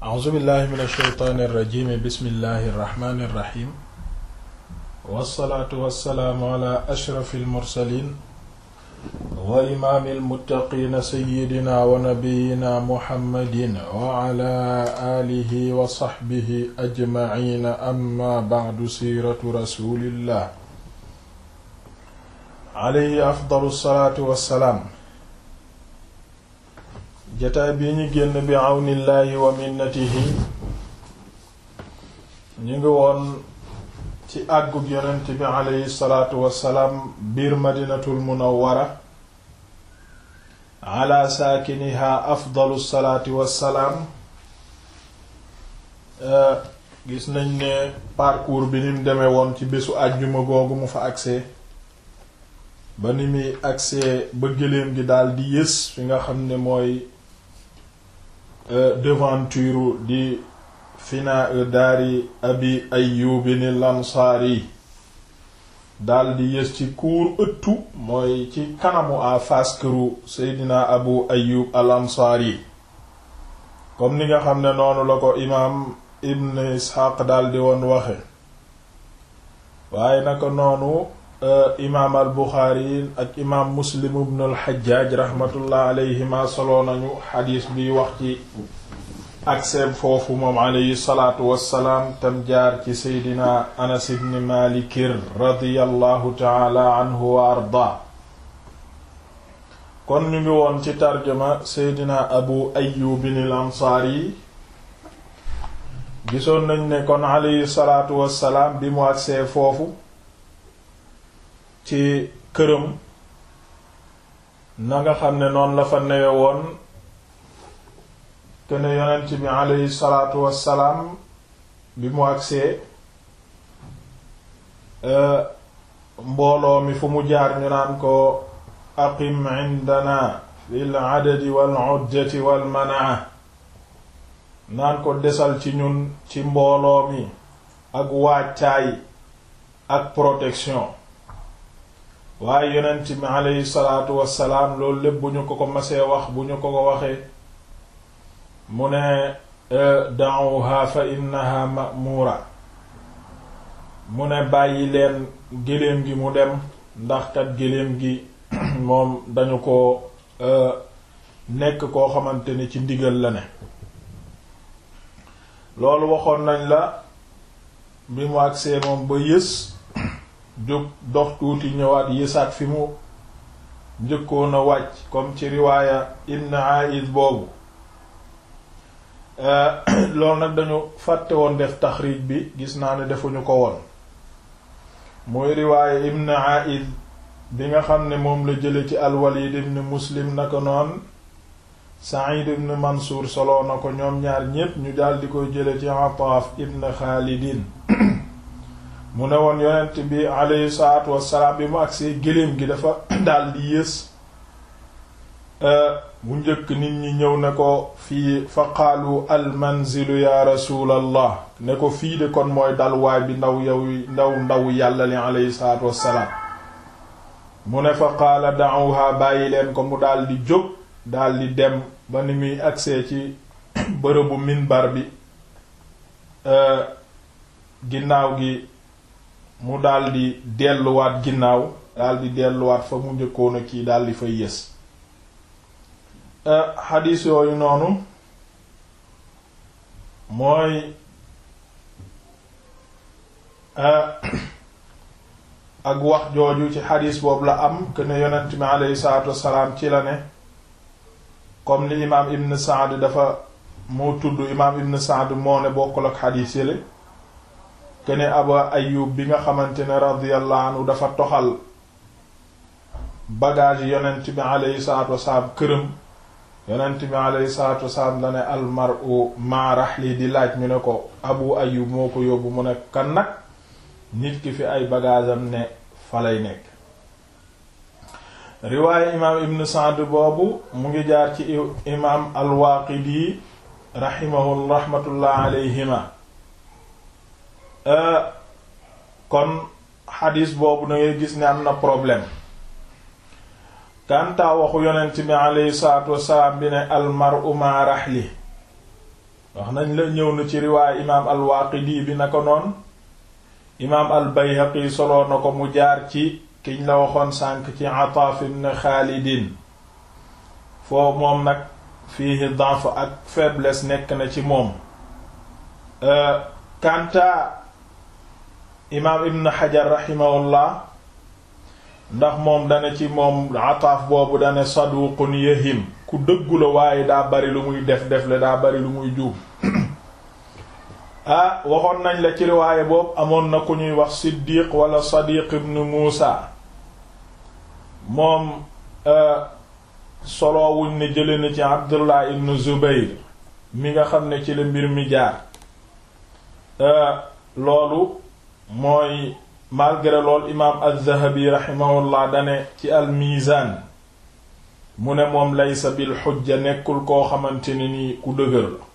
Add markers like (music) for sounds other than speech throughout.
a'uuzu billahi min ashaytaani irrajimi bismillahi irrahmani irrahim wassalaatu wassalaamu ala ashrafi almursalin wa imaami almuttaqiina sayyidina wa nabiyina muhammadin wa ala aalihi wa saxbihi ajmaciina amma bacdu siiratu rasulillah alayhi afdalu salaatu wassalaam jataay bii ñu génn bi àwnillaahi wa minnatihi ñu ngi woon ci àggug yonent bi aleyhi salaatu wassalaam biir madinatul munawwara ala saakiniha afdalu salaatu wassalaam gis nañ ne parcours bi ni mu demee woon ci bésu àjjuma googu mu fa agsee ba ni muy agsee ba gëléem gi daal di yës fi nga xam ne mooy Euh, devanture di finaa e daari abi ayyubin al-ansaari daldi yées ci kuur ëttu mooy ci kanamu à face seydina abu ayyub al-ansaari comme ni nga xam ne noonu la ko imaam ibn isxaaq daldi woon waxe waaye naka noonu Euh, imaam al buxaari ak imaam muslim ibn al xajjaaj rahmatullah nañu xadiis biy wax ci ak seeb foofu moom alayhi salaatu wassalaam tam jaar ci seydina anas ibn malikir radiyallahu taala anhu wa arda kon ñu ngi woon ci tarjuma seydina abu ayyubin al ansaari gisoon nañ ne kon alayhi salaatu wassalaam bi mu agsee foofu ci këram na nga xam ne noonu la fa newe woon te ne bi aleyhi salaatu wassalaam bi mu agsee e, mbooloo mi fu mu jaar ñu naan ko aqim indana fil adadi wal uddati wal manaa naan ko desal ci ñun ci mbooloo mi ak waajtaay ak protection waaye yonent mi aleyhi salaatu wassalaam loolu lépp bu ñu ko ko masee wax bu ñu ko ko waxee mu ne e, da'uha fa innaha ma'mura mu ne bàyyi leen géléem gi mu dem ndax kat géléem gi (clears throat) moom dañu ko e, nekk koo xamante ni ci ndigal la ne loolu waxoon nañ la bi mu agsee moom ba yës jóg dox tuuti ñëwaat yësaat fi mu njëkkoon a wàcc comme ci riwaaya ibn Aïd boobu euh, (clears throat) loolu nag dañu fàtte woon def taxriij bi gis naa ni defuñu ko woon muy riwaaya ibn Aïd bi nga xam ne moom la jële ci al-Walid ibn Muslim naka noon Sa'id ibn Mansuur soloo na ko ñoom ñaar ñépp ñu daldi koy jële ci Ataaf ibn Xaalidin (clears throat) mu ne woon yonent bi alayhi salaatu wassalaam bi mu agsee géléem gi dafa (clears throat) daldi yées bu euh, njëkk nit ñi ñëw ne ko fii fa qaalu almanzilu ya rasulallah ne ko fii de kon mooy dalwaay bi ndaw yow ndaw ndaw yàlla li alayhi salaatu wassalaam mu ne fa qaala da'uha bàyyi leen ko mu daldi jóg daldi dem ba ni muy agsee ci (clears throat) bërëbu minbar bi euh, ginnaaw gi mu daldi delluwaat ginnaaw daldi delluwaat fa mu njëkkoon a kii daldi fa yées euh, xadiis yooyu noonu mooy euh, (coughs) ak wax jooju ci xadiis boobu la am que ne yonent mi aleyhi salaatu wassalaam ci la ne comme li imaam ibn Saad dafa moo tudd imaam ibn Saad moo ne bokkul ak xadiis yële kene aba ayub bi nga xamante ne radiyallahu dafa toxal bagage yonent bi aleyhi salatu wasalaam këram yonent bi aleyhi salatu wasalaam la ne almaru ma rahli di laaj ñu ne ko abu ayub moo ko yóbbu mu ne kan nag nit ki fi ay bagage am ne fa lay nekk riwaaye imaam ibn Sa'd boobu mu ngi jaar ci imaam al-Waaqidi rahimahul rahmatullah alayhima Euh, kon xadis boobu na ngay gis ne am na problème kàntaa waxu yonent bi aleyhi salaatu wasalaam bi ne almaru ma wax nañ la ñëw na ci riwaay imaam alwaaqidi bi na ko noon imaam albayhaqi soloo na ko mu jaar ci kiñ la waxoon sànk ci ataaf ibn xaalidin foo moom nag fiihi danf ak faiblesse nekk na ci moom euh, kanta imaam ibn xajar raximahullah ndax moom dana ci moom ataaf boobu dana saduqun yahim ku dëggu la waaye daa bari lu muy def def la daa bari lu muy juub (coughs) ah, waxoon nañ la ci riwaaye boobu amoon na ku ñuy wax siddiq wala sadiq ibn muusa moom eh, soloowuñ ne jële na ci abdullah ibn zubayr mi nga xam ne ci la mbir mi jaar eh, loolu mooy malgré lool imaam az-Zahabi rahimahullah dane ci al-Mizan mu ne moom laysa bil xujja nekkul koo xamante ne ni ku dëgër la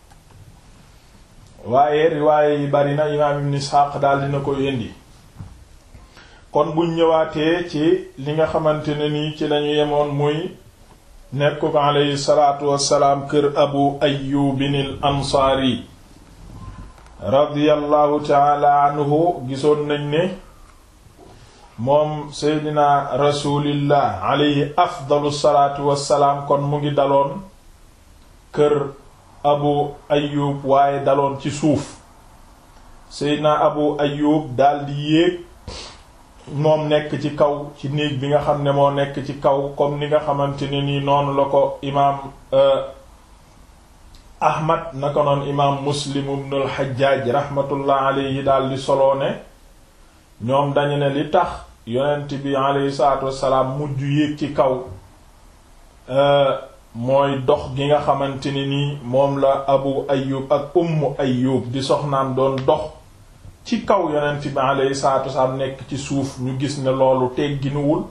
waaye riwaaye yi bari imaam ibn Isxaaq daal dina ko indi kon buñ ñëwaatee ci li nga xamante ne ni ci lañu yemoon muy nekk ko aleyhi salaatu wassalaam kër Abu Ayyubin al-Ansaari radiyallahu taala anhu gisoon nañ ne moom seydina rasulillah alayhi afdalu salaatu wassalaam kon mu ngi daloon kër abu ayub waaye daloon ci suuf seydina abu ayub daldi yéeg moom nekk ci kaw ci néeg bi nga xam ne moo nekk ci kaw comme ni nga xamante ne nii noonu la ko imaam euh, ahmad na ko noon imaam muslim ibn al xajjaaj rahmatullah alayhi daal di soloo ne ñoom dañu ne li tax yonent bi alayhi salaatu wassalaam mujj yéeg ci kaw euh, mooy dox gi nga xamante ni nii moom la abu ayub ak ummu ayub di soxnaam doon dox ci kaw yonent bi alayhi salaatu wassalaam nekk ci suuf ñu gis ne loolu tegginuwul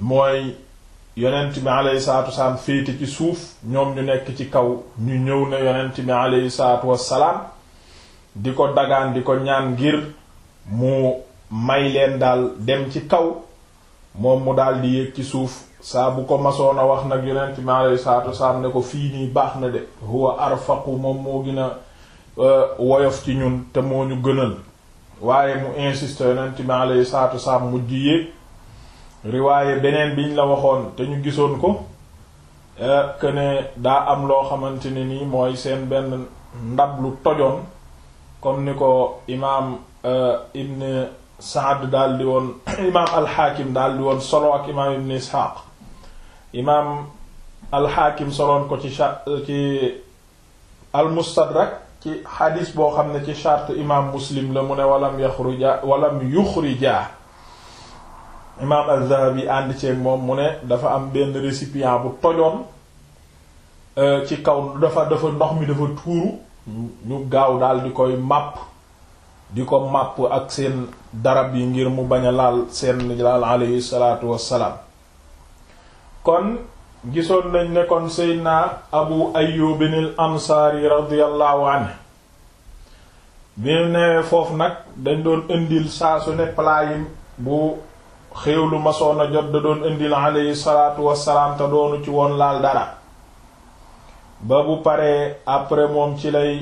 mooy yonent bi aleyhi salaatu wasalaam féete ci suuf ñoom ñu nekk ci kaw ñu ñëw ne yonent bi aleyhi salaatu wasalaam di ko dagaan di ko ñaan ngir mu may leen daal dem ci kaw moom mu daal di yéeg ci suuf saa bu ko masoon a wax nag yonent bi aleyhi salaatu wasalaam ne ko fii nii baax na de huwa arfaqu moom moo gën euh, woyof ci ñun te moo ñu gënal waaye mu insiste yonent bi aleyhi salaatu wasalaam mujj yéeg riwaaye beneen biñ la waxoon te ñu gisoon ko eh, que daa am loo xamante ne nii mooy seen benn ndab lu tojoon kon ni ko imaam eh, ibn Saad daal di woon (coughs) imaam alxaakim daal di woon solo ak imaam ibn Isxaaq imaam alxaakim soloon ko ci ci almustadrak ci xadiis boo xam ne ci charte imaam muslim la mu ne walam yaxruja walam yuxrija imaam az-Zahabi moom mu ne dafa am benn récipient bu tojoon euh, ci kaw dafa dafa ndox mi dafa tuuru ñu gaaw daal di koy màpp di ko màpp ak seen darab yi ngir mu bañ a laal seen laal aleyhi salaatu wassalaam kon gisoon nañ nekkoon kon seydna abu ayyubin al ansaari radiyallahu anhu bi newee foofu nag dañ doon indil saa su ne bu xéew lu masoon a jot da doon indil aleyhi salaatu wassalaam te doonu ci woon laal dara ba bu paree après moom ci lay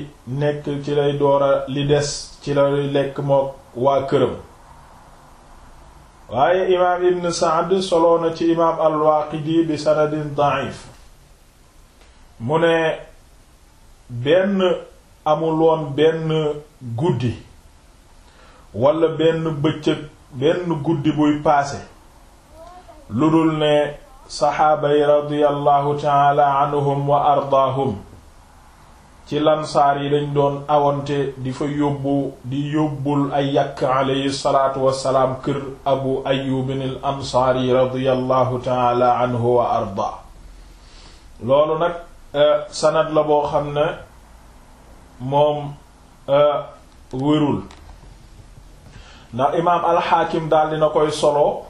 nekk ci lay doora li des ci lay lekk ma waa këram waaye imaam ibn Sa'd soloo na ci imaam al-Waaqidi bi sanadin mu ne benn amul benn guddi walla benn bëccëg benn guddi buy paase lu dul ne saxaaba yi radiyallahu taala wa ardaahum ci lansaar yi dañ doon awante di fa yóbbu di yóbbul ay yàkk aleyhi salaatu wassalaam kër abu ayyubin al ansaari radiyallahu taala anhu wa ardaa loolu nag eh, sanad la boo xam ne moom eh, wérul ndax imaam alxaakim di na koy solo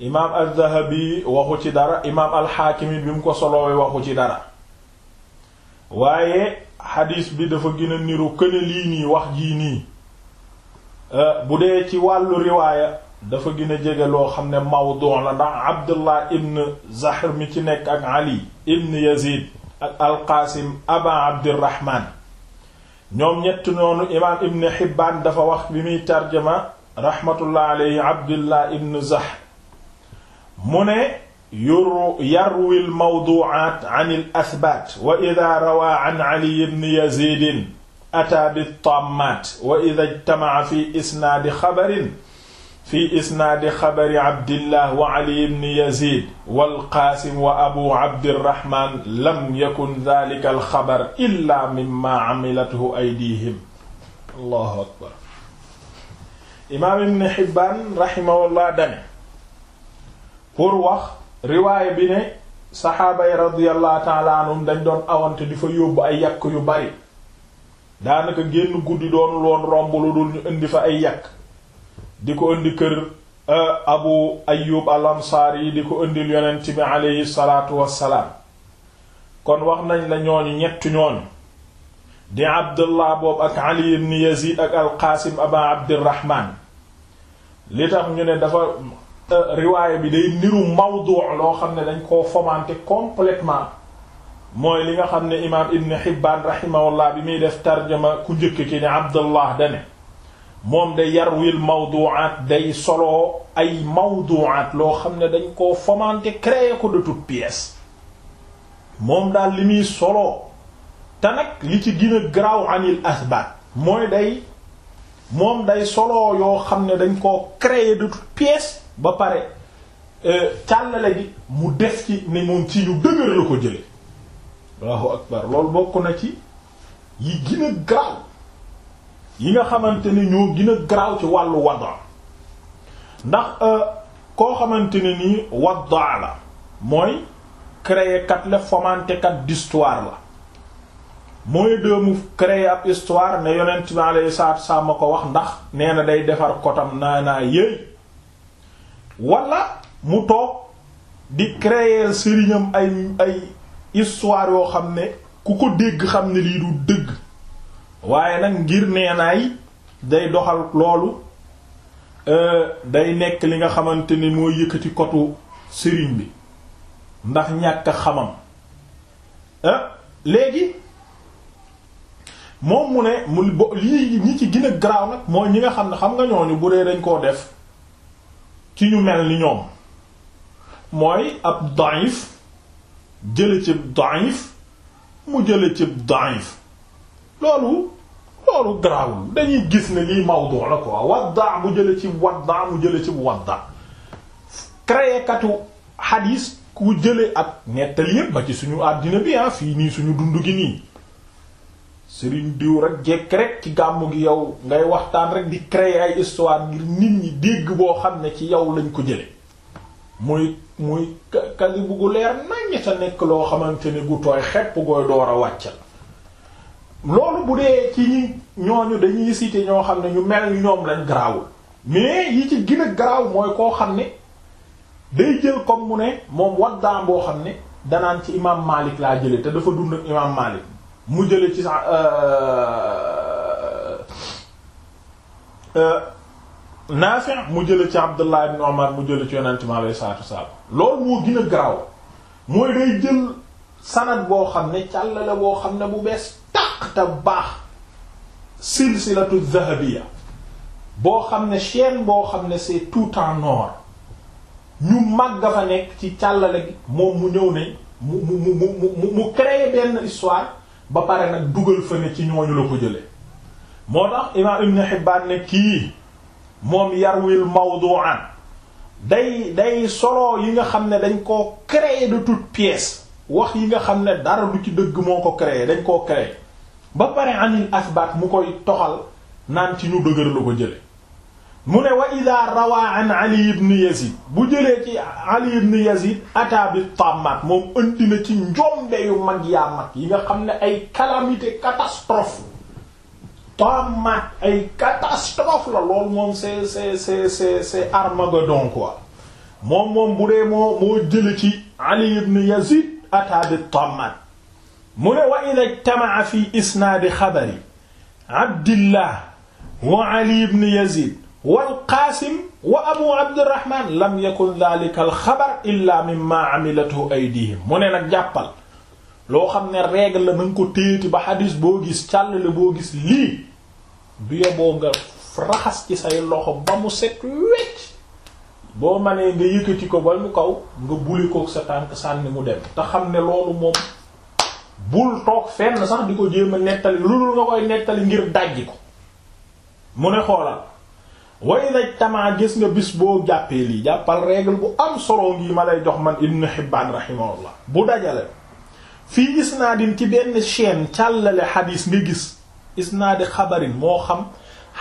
imaam aldahabi waxu ci dara imaam alxaakim bi mu ko solo waxu ci dara waaye xadiis bi dafa gin a niru këne lii nii wax jii nii euh, bu dee ci wàllu riwaaya dafa gin a jege loo xam ne mawdu la ndax abdullah ibn zahr mi ci nekk ak ali ibn yazid ak alqaasim aba abdirahman ñoom ñett noonu imaam ibn Hibbaan dafa wax bi muy tarjama rahmatullah alayhi Abdullah ibn Zahr mu ne yuru yarwi al mawdu'aat an al athbaat wa idha rawaa an Ali ibn Yaziid ataa bi tammaat wa idha ijtama'a fi isnaadi xabarin fi isnaadi xabari abdillah wa ali ibn yazid walqaasim wa abu abdirrahman lam yakun dalika alxabar illa mimma amilathu aydihim allahu akbar imaam ibn xibbaan raximahullah dane pour wax riwaaya bi ne saxaaba yi radiallahu taala anhum dañ doon awante di fa yóbbu ay yàq yu bari daanaka génn guddi doonu loon romb lu dul ñu indi fa ay yàq di ko indi kër abu ayub al ansaar di ko indil yonent bi aleyhi salaatu wassalaam kon wax nañ la ñooñu ñettu ñooñu di abdullah boobu ak ali ibn yazid ak alqaasim aba abdirahman li tax ñu ne dafa riwaaya bi day niru mawdu loo xam ne dañ koo fomante complètement mooy li nga xam ne imaam ibn hibbaan rahimahullah bi muy def tarjama ku njëkk ki ne abdullah dane moom de yarwil mawdu'at day solo ay mawdu'at loo xam ne dañ koo fomenter créer ko de toutes moom daal li muy solo te nag li ci gën a graw anil asbat mooy day moom day solo yoo xam ne dañ koo créer de toutes ba pare euh, càllale bi mu def ci ne moom ci yu dëgër la ko jële Allahu akbar loolu bokk na ci yi gën graw yi nga xamante ne ñoo gën garaaw ci wàllu wadda ndax euh, koo xamante ne nii wadda la mooy créer kat la fomenter kat d'histoire la mooy dëmu créer ab histoire ne yonent bi alayhi salaatu salaam ma ko wax ndax nee na day defar kotam naa naa yéey wala mu toog di créer sëriñam ay ay histoire yoo xam ne ku ko dégg xam ne lii du dëgg waaye nag ngir neenaay day doxal loolu e, day nekk li nga xamante ni moo yëkkati kotu sëriñ bi ndax ñàkk xamam e, léegi moom mu ne mu lii ñi ci gën garaaw nag mooy ñi nga xam ne xam nga ñooñu bu dee dañ koo def ci ñu mel ni ñoom mooy ab daif jële ci daif mu jële ci daif loolu loolu garaawul dañuy gis ne lii mawdu la quoi wadda mu jële ci wadda mu jële ci wadda créé katu xadiis ku jële ak nettali yépp ba ci suñu àddina bi ah fii nii suñu dund gi nii sëriñ diw rek jekk rek ci gàmm gi yow ngay waxtaan rek di créer ay histoire ngir nit ñi dégg boo xam ne ci yow lañ ko jële muy muy kasi buggu leer nañ sa nekk loo xamante ne gu tooy xepp gooy door a wàccal loolu bu dee ci ñi ñooñu dañuy citer ñoo xam ne ñu mel ni ñoom lañ garaawul mais yi ci gën a garaaw mooy koo xam ne day jël comme mu ne moom waddaan boo xam ne danaan ci imam Malik laa jële te dafa dund ak imam Malik mu jële ci sa euh, euh, euh, Naafi mu jële ci Abdullah ibn Umar mu jële ci yonent mi alayhi salaatu wa salaam loolu moo gën a garaaw mooy day jël sanad boo xam ne càllale boo xam ne bu bees tàq te baax silsilatu dhahabiyya boo xam ne chaîne boo xam ne c'est tout en or ñu mag fa nekk ci càllale gi moom mu ñëw ne mu mu mu mu mu créer benn histoire ba pare nag dugal fa ne ci ñooñu la ko jële moo tax imaam Ibn Hibbaan ne kii moom yarwil mawdu'an day day solo yi nga xam ne dañ koo créer de toutes pièces wax yi nga xam ne dara lu ci dëgg moo ko créé dañ koo créé ba pare anil asbaat mu koy toxal naan ci ñu dëgër la ko jële mu ne wa ida rawaa an ali ibn yazid bu jëlee ci ali ibn yazid ata bi tammat moom indi na ci njombe yu mag yaa mag yi nga xam ne ay calamité catastrophe tammat ay catastrophe la loolu moom c'est c'est c'est c'est c'est Armageddon moom moom bu dee moo moo jële ci ali ibn yazid ataa bi tammaat mu ne wa ida ijtama'a fi isnaadi xabari abdillah wa ali ibn yazid wal qaasim wa abu abdirahman lam yakun dhalika al xabar illa mimma amilathu aydihim mu ne nag jàppal loo xam ne règle la nanga ko téeti ba xadis boo gis càll la boo gis lii du yeboo nga raxas ci say loxo ba mu set wecc boo manee nga yëkkati ko ba mu kaw nga buli kook sa tànk sànni mu dem te xam ne loolu moom bul toog fenn sax di ko jéem a nettali lu dul nga koy nettali ngir dajji ko mu ne xoolal way daj tamaa gis nga bis boo jàppee lii jàppal règle bu am solo ngi ma lay jox man Ibn Hibbaan rahimahullah bu dajale fii isnaadin ci benn chaîne càllale xadiis nga gis isnaadi xabarin moo xam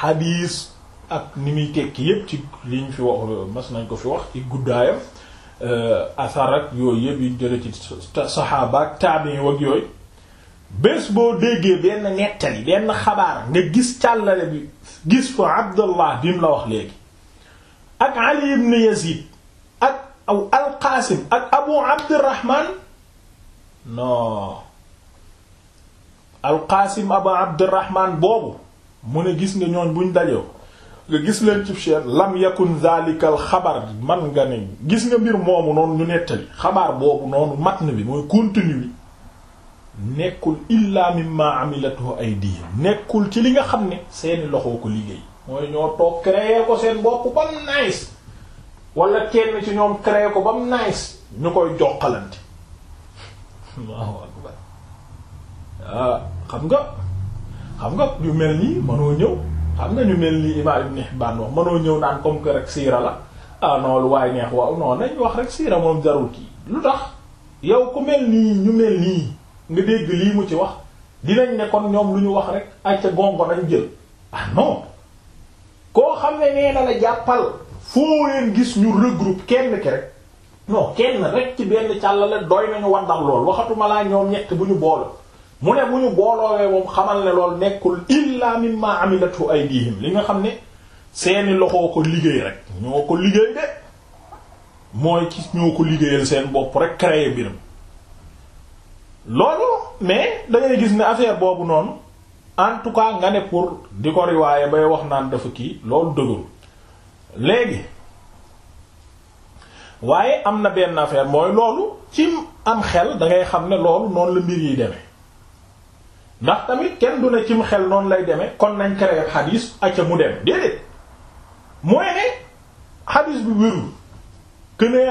xadiis ak ni muy tekki yépp ci li ñu fi wax mas nañ ko fi wax ci guddaayam euh, asar ak yooyu yépp yu jële ci saxaaba ak taabi'i bés boo déggee benn nettali benn xabaar nga gis càllale bi gis ko Abdullah bi mu la wax léegi ak Ali ibn Yazid ak aw al ak Abu Abdurrahman non al Abu Abdurrahman boobu mu ne gis nga ñooñ buñ dajoo nga gis leen ci cher lam yakun zalikal xabar man nga ne gis nga mbir moomu noonu ñu nettali xabaar boobu noonu matn bi mooy contenu bi nekkul illa mimma amilatu aydihim nekkul ci li nga xam ne seeni loxoo ko liggéey mooy ñoo toog créer ko seen bopp ba mu nice wala kenn ci ñoom créer ko bam mu nice ñu koy joxalante waaw akbar ah xam nga xam nga yu mel nii mënoo ñëw am na ñu mel ni Imaam Ibn Hibbaan wax mënoo ñëw naan comme que rek siira la ah non lu waaye neex waaw non nañ wax rek siira moom jarul kii lu tax yow ku mel nii ñu mel nii nga dégg lii mu ci wax dinañ ne kon ñoom lu ñu wax rek ay ca gongo jël ah non koo xam ne nee na la jàppal foo leen gis ñu regroupe kenn ki rek non kenn rek ci benn càll la doy nañu wandal loolu waxatuma laa ñoom ñett bu ñu boole. mu ne bu ñu booloowee moom xamal ne lool nekkul illa mimma amilatu aydihim li nga xam ne seeni loxoo ko liggéey rek ñoo ko liggéey de mooy ci ñoo ko liggéeyal seen bopp rek créer biram loolu mais dangay gis ne affaire boobu noonu en tout cas nga ne pour di ko riwaaye bay wax naan dafa kii loolu dëgëru léegi waaye am na benn affaire mooy loolu ci am xel dangay xam ne loolu noonu la mbir yi demee ndax tamit kenn du ne ci mu xel noonu lay demee kon nañ créer xadiis acca mu dem déedéet mooy ne xadiis bu wérul que ne yi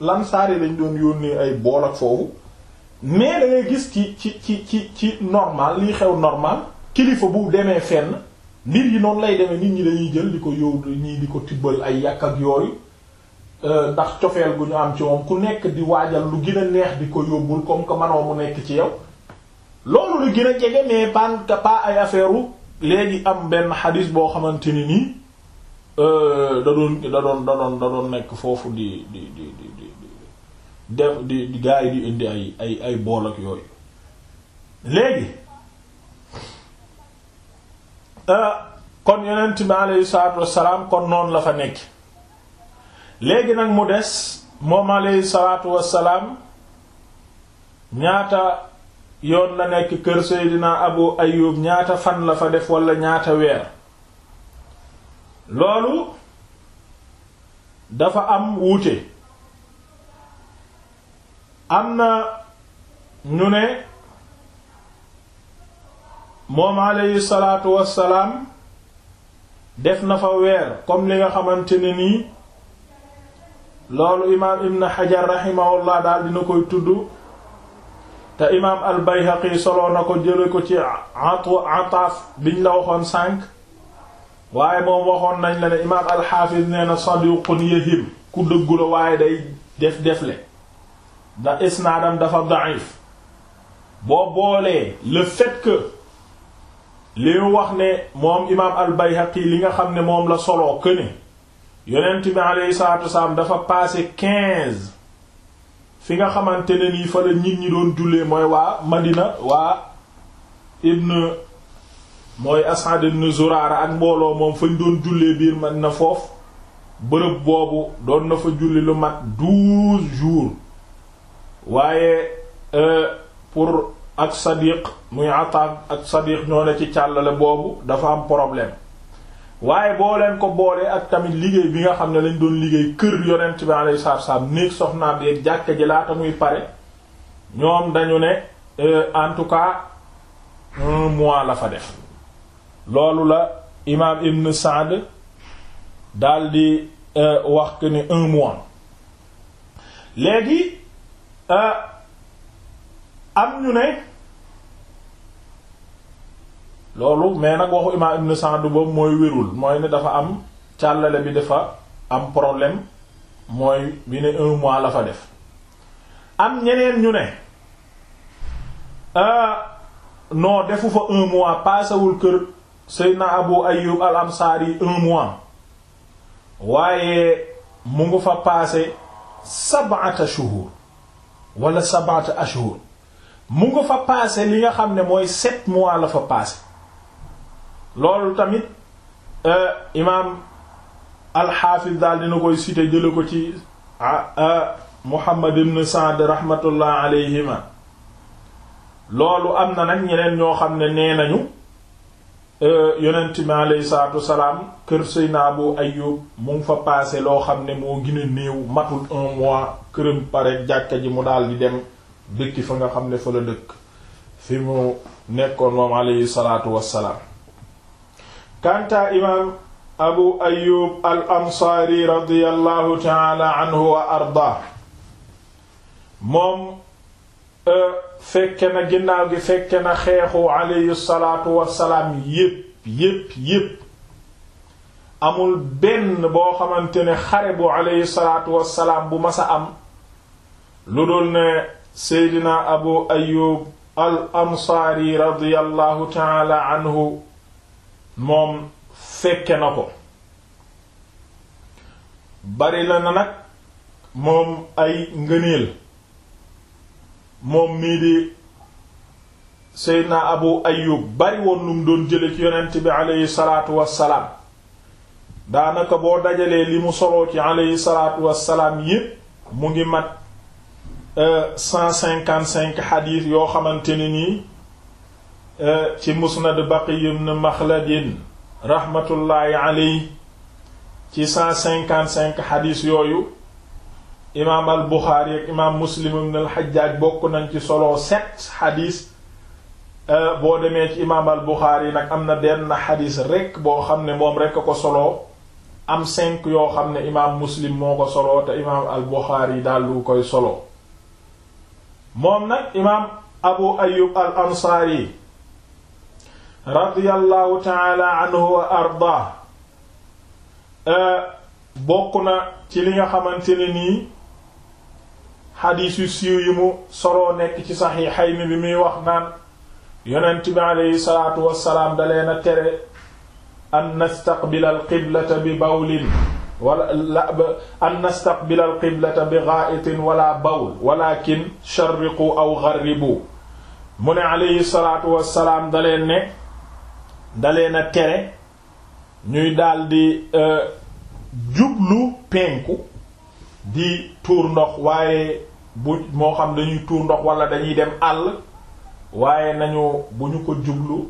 lañ doon yónnee ay bool ak foofu mais da gis ci ci ci ci ci normal liy xew normal kilifa bu demee fenn mbir yi noonu lay demee nit ñi dañuy jël di ko yow ñii di ko tibbal ay yàq ak yooyu euh, ndax cofeel bu ñu am ci moom ku nekk di waajal lu gën a neex di ko yóbbul comme que manoo mu nekk ci yow loolu lu gën jege mais banque pas ay affaire léegi am benn xadis boo xamante ni nii euh, da doon da doon nekk foofu di di di di di def di di gars yi di indi ay ay ay bool ak yooyu léegi euh, kon yonent bi aleyhi salaatu wassalaam kon noonu la fa nekk léegi nag mu des moom aleyhi salaatu wassalaam ñaata yoon la nekk kër Seydina Abu Ayyub ñaata fan la fa def wala ñaata weer loolu dafa am wuute am na ñu ne moom alayhi salaatu wassalaam def na fa weer comme li nga xamante ne nii loolu imaam Ibn Hajar rahimahullah daal dina koy tudd te imaam al yi soloo na ko jële ko ci Ataaf biñ la waxoon sànq waaye moom waxoon nañ la ne imaam al nee na saduqun yahim ku dëggu la waaye day def defle ndax isnaadam dafa da'if boo boolee le fait que li mu wax ne moom imaam al-Bayhaqi li nga xam ne moom la soloo que ne yonent bi alayhi salaatu dafa paase quinze fi nga xamante ne nii fa la nit ñi doon jullee mooy waa Madina waa ibn mooy As'ad ibn ak mbooloo moom fañ doon jullee biir Madina foofu bërëb boobu doon na fa julli lu mat douze jours waaye euh, pour ak Sadiq muy Ata ak Sadiq ñoo ne ci càllale boobu dafa am problème waaye boo leen ko boolee ak tamit liggéey bi nga xam ne lañ doon liggéey kër yonent bi alayhi salaatu salaam néeg soxna bi ak jàkka ji laata muy pare ñoom dañu ne euh, en tout cas un mois la fa def loolu la imaam Ibn Sa'd daldi euh, wax que ne un mois léegi euh, am ñu ne. loolu mais nag waxu imaam ibn Sa'd boobu mooy wérul mooy ne dafa am càllale bi dafa am problème mooy bi ne un mois la fa def am ñeneen ñu ne ah, non defu fa un mois paasawul kër Seydina Abu Ayyub al Ansari un mois waaye mu ngi fa paase sab'ata shuhur wala sab'ata ashhur mu ngi fa paase li nga xam ne mooy sept mois la fa paase loolu tamit euh, imaam alxaafis daal dina koy cité jële ko ci ah, euh, Muhammad ibn Sa'd rahmatullah alayhima loolu am na nag ñeneen ñoo xam ne nee nañu euh, yonent bi aleyhi salaatu wasalaam kër Seydina Abu Ayyub mu ngi fa paase loo xam ne moo gine a néew matul un mois këram pare jàkka ji mu daal di dem dëkki fa nga xam ne fa la dëkk fi mu nekkoon moom aleyhi salaatu wasalaam kanta imaam abu ayub al ansaari radiyallahu taala anhu wa arda moom e, fekke na ginnaaw gi fekke na xeexu aleyhi salaatu wasalaam yépp yépp yépp amul benn boo xamante ne xare bu aleyhi salaatu wasalaam bu masa am lu dul ne seydina abu ayub al ansaari radiyallahu taala anhu moom fekke na ko bari la na nag moom ay ngëneel moom mii di na abu ayub bari woon num doon jële ci yonent bi aleyhi salaatu wassalaam daanaka boo dajalee li mu soloo ci aleyhi salaatu wassalaam yépp mu ngi mat euh, cent cinquante cinq xadiis yoo xamante ni nii ci musnad Baqiy ibn Maxladin rahmatullaahi aley ci cent cinquante-cinq xadiis yooyu imaam al Buxaari ak imaam Muslim ibn al Xajjaaj bokk nañ ci solo sept xadiis euh, boo demee ci imaam al Buxaari nag am na benn xadiis rekk boo xam ne moom rek a ko solo am cinq yoo xam ne imaam Muslim moo ko solo te imaam al Buxaari daal lu koy solo moom nag imaam Abu Ayyub al Ansaari radiyallahu taala anhu wa arda euh, bokk na ci li nga xamante ne nii xadiis yu siiw yi mu soloo nekk ci saxiixay mi bi muy wax naan yonent bi aleyhi salaatu wassalaam daleen a tere an nastaqbila alqiblata bi bawlin wala la an nastaqbila alqiblata bi gaa'itin wala bawl walakin sharriqu aw gharribu mu ne aleyhi salaatu wassalaam daleen ne dalee na tere ñuy daldi euh, jublu penku di tuur ndox waaye bu moo xam dañuy tuur ndox wala dañuy dem àll waaye nañu bu ñu ko jublu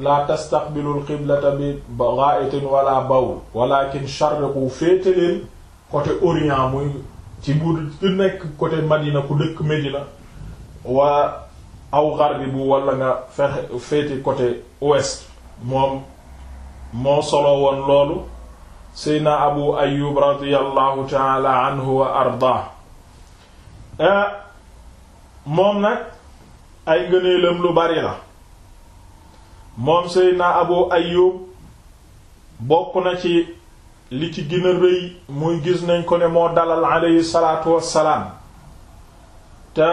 la tastaqbilul qiblata bi ghaitin wala bawl walakin sharriqu féete leen côté orient muy ci bu nekk côté Madina ku dëkk Medina wa aw gharbi bu wala nga fexe féete côté ouest moom moo solo woon loolu seydna abu ayub radiallahu taala anhu wa arda eh, moom nag ay ngëneelam lu bari la moom seydna abu ayub bokk na ci li ci gën a rëy muy gis nañ ko ne moo dalal aleyhi wassalaam te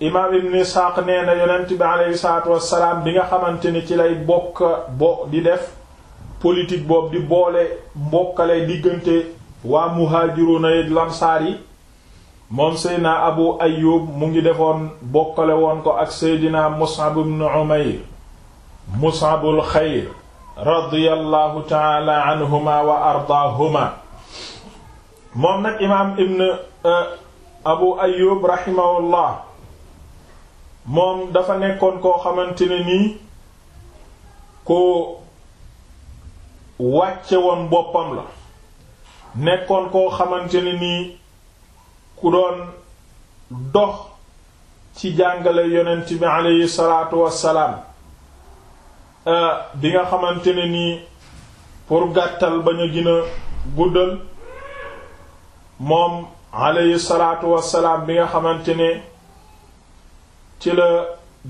imaam ibn Isxaaq nee na yonent bi aleyhi salaatu wassalaam bi nga xamante ni ci lay bokk bo di def politique boobu di boole mbokkale diggante waa muhaajiruuna yi lansaar moom seydina abu ayub mu ngi defoon bokkale woon ko ak seydina mus'ab ibn umayr mus'abul xayr radiyallahu taala anhuma wa ardaahuma moom nag imaam ibn eh, abu ayub rahimahullah moom dafa nekkoon koo xamante ne nii ko wàcce woon boppam la nekkoon koo xamante ne nii ku doon dox ci jàngale yonent bi aleyhi salaatu wassalaam euh, bi nga xamante ne nii pour gàttal ba ñu gën a guddal moom aleyhi salaatu wassalaam bi nga xamante ne ci la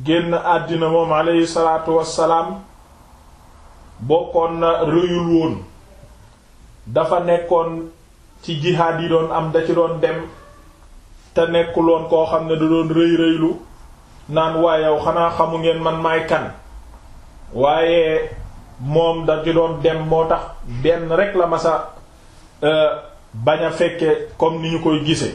génn àddina moom aleyhi salaatu wassalaam bokkoon na rëyul woon dafa nekkoon ci jihaad yi doon am da ci doon dem te nekkuloon koo xam ne da doon rëy rëylu naan waayow xanaa xamu ngeen man maay kan waaye moom da ci doon dem moo tax benn rekk la masa euh, bañ a fekke comme ni ñu koy gise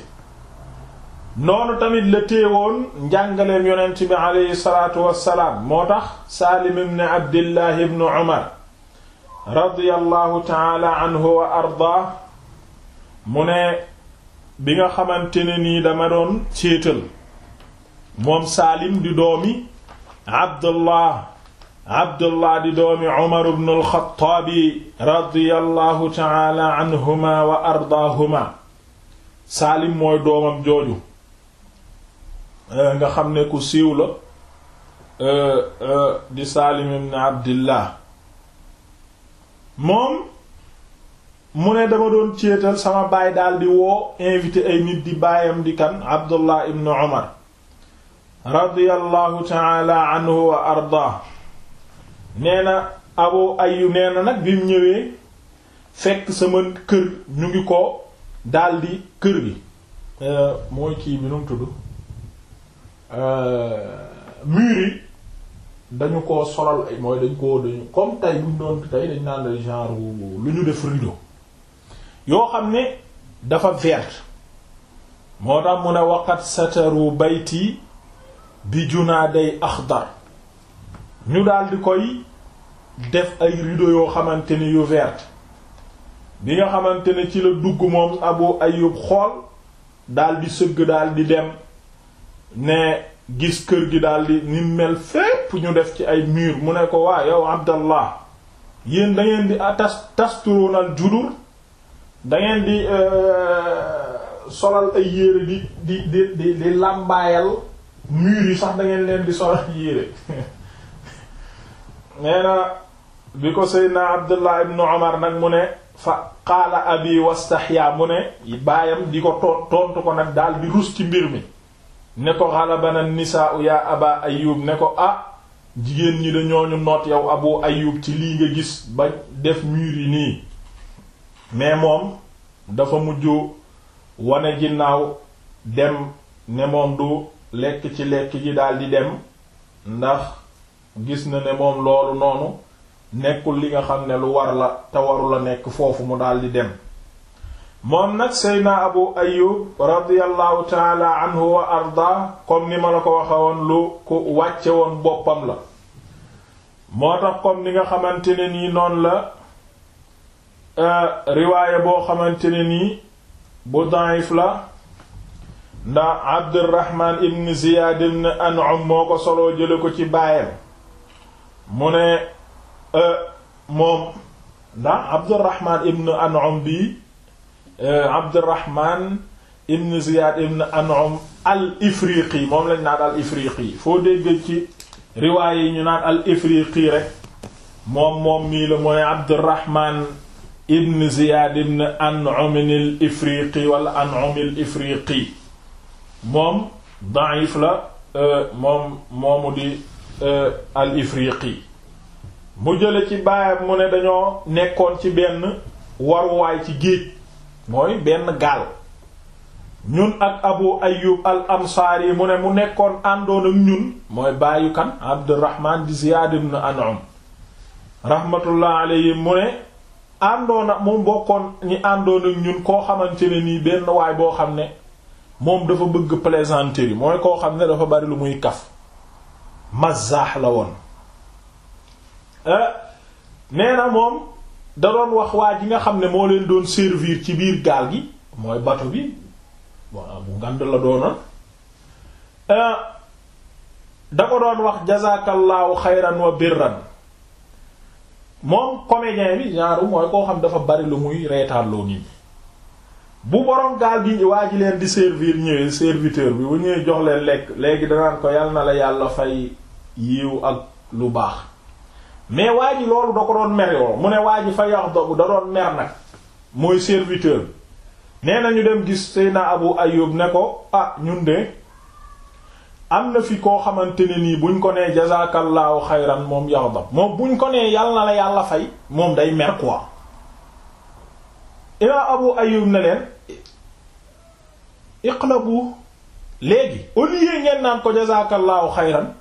noonu tamit la téewoon njàngaleem yonent bi aleyhi salaatu wassalaam moo tax saalim ibn abdillahi ibn umar radiyallahu taala wa arda mu ne bi nga xamante ne nii dama doon céetal moom saalim di doomi abdullah abdullah di doomi umar ibn alxataabi radiyallahu taala wa ardaahuma saalim mooy doomam jooju Euh, nga xam ne ku siiw la euh, euh, di Saalim ibn Abdillah moom mu ne dama doon céetal sama baay daal di woo invité ay nit di baayam di kan Abdullah ibn Umar radiyallahu taala anhu wa arda nee na abo ayu nee na nag bimu ñëwee fekk sama kër ñu ngi ko daldi kër gi mooy kii bi nu mu tudd Euh, murs yi dañu ko solal ay mooy dañ koo dañu comme tey buñ doon tey dañ naan la genre lu ñu def rideau yoo xam ne dafa vert moo tax mu ne waqat sataru bayti bi junaaday axdar ñu daldi di koy def ay rideau yoo xamante ni yu vert bi nga xamante ne ci la dugg moom abu ayub xool daldi di sëgg daal di dem ne gis kër gi daldi ni mel fépp ñu def ci ay mur mu ne ko waa yow abdallah yéen dangeen di ah, tas tasturunal judur da di euh, solal ay yére di di di di làmbaayal mur yi sax da leen di solal (laughs) yére nee na bi ko seydna abdullah ibnu omar nag mu ne fa qaala abi wastaxya mu ne baayam di ko toon tontu ko nag daal di rus ci mbir mi ne ko xalabana nisaau yaa aba ayub ne ko ah jigéen ñi dañoo ñu noot yow abu ayub ci lii nga gis ba def mur yi nii mais moom dafa mujj wane ginnaaw dem ne moom du lekk ci lekk ji daldi dem ndax gis na ne moom loolu noonu nekkul li nga xam ne lu war la te waru la nekk foofu mu daldi dem moom nag seydna abu ayub radiallahu taala anhu wa arda comme ni ma la ko waxewoon lu ku wàcce woon boppam la moo tax comme ni nga xamante ne nii noon la euh, riwaaya boo xamante ne nii bu daif la ndax abdurrahman ibn ziyad ibn an'am moo ko soloo jële ko ci baayam mu ne euh, moom ndax abdurrahman ibn an'am bi Euh, Abdurrahman ibn Ziyad ibn An'am al Ifriqi moom lañ naan al Ifriqi foo dégg ci riwaay yi ñu naan al Ifriqi rek moom moom mii la mooy Abdurrahman ibn Ziyad ibn An'am al Ifriqi wala An'am al Ifriqi moom da'if la euh, moom moomu di euh, al Ifriqi mu jële ci baayam mu ne dañoo nekkoon ci benn waruwaay ci géej mooy benn gaal ñun ak abu ayyub al ansaari mu ne mu nekkoon àndoon ak ñun mooy bàyyu kan abdurrahman di ziyaad ibn an'am rahmatullah alayhi mu ne àndoona moom bokkoon ñi àndoon ak ñun koo xamante ne nii benn waay boo xam ne moom dafa bëgg yi mooy koo xam ne dafa bari lu muy kaf mazaax la woon eh, nee na moom da doon wax waa ji nga xam ne moo leen doon servir ci biir gaal gi mooy bato bi waaw ah, bu ngand la doonoon euh, da ko doon wax jazakallaahu xayran wa birran moom comédien bi genre mooy koo xam dafa bari lu muy reetaanloo nit ñi bu boroom gaal gi waa ji leen di servir ñëwee serviteur bi bu ñëwee jox leen lekk léegi danaan ko yal na la yàlla fay yiw ak lu baax mais waa ji loolu da ko doon mer yoo mu ne waa ji fa yax dobu da doon mer nag mooy serviteur nee na ñu dem gis Seyna Abu Ayyub ne ko ah ñun de am na fi koo xamante ne nii buñ ko nee jazaakallaahu xayran moom yax dob moom buñ ko nee yàlla na la yàlla fay moom day mer quoi ila Abu Ayyub ne leen iqlabu léegi au lieu ngeen naan ko jazaakallaahu xayran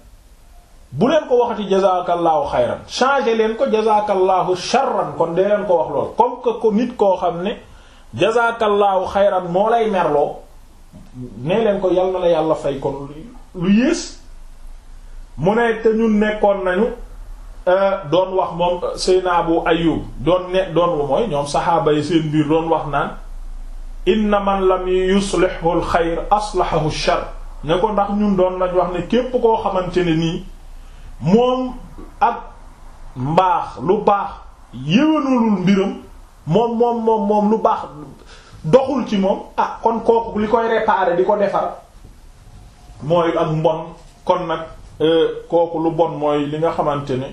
bu leen ko waxati jazaakallaahu xayran changé leen ko jazaakallaahu sharran kon dee leen ko wax lool comme que ko nit koo xam ne jazaakallaahu xayran moo lay merloo nee leen ko yal na la yàlla fay kon lu yées mu ne te ñun nekkoon nañu euh, doon wax moom euh, Seyna Abu Ayyub doon ne doon mooy ñoom saxaaba yi seen biir doon wax naan inna man lam yuslihu al xayr aslahahu shar ne ko ndax ñun doon nañ wax ne képp koo xamante ne nii moom ak mbaax lu baax yéwénalul mbiram moom moom moom moom lu baax doxul ci moom ah kon kooku li koy réparer li ko defar mooy ak mbon kon nag euh, kooku lu bon mooy li nga xamante ne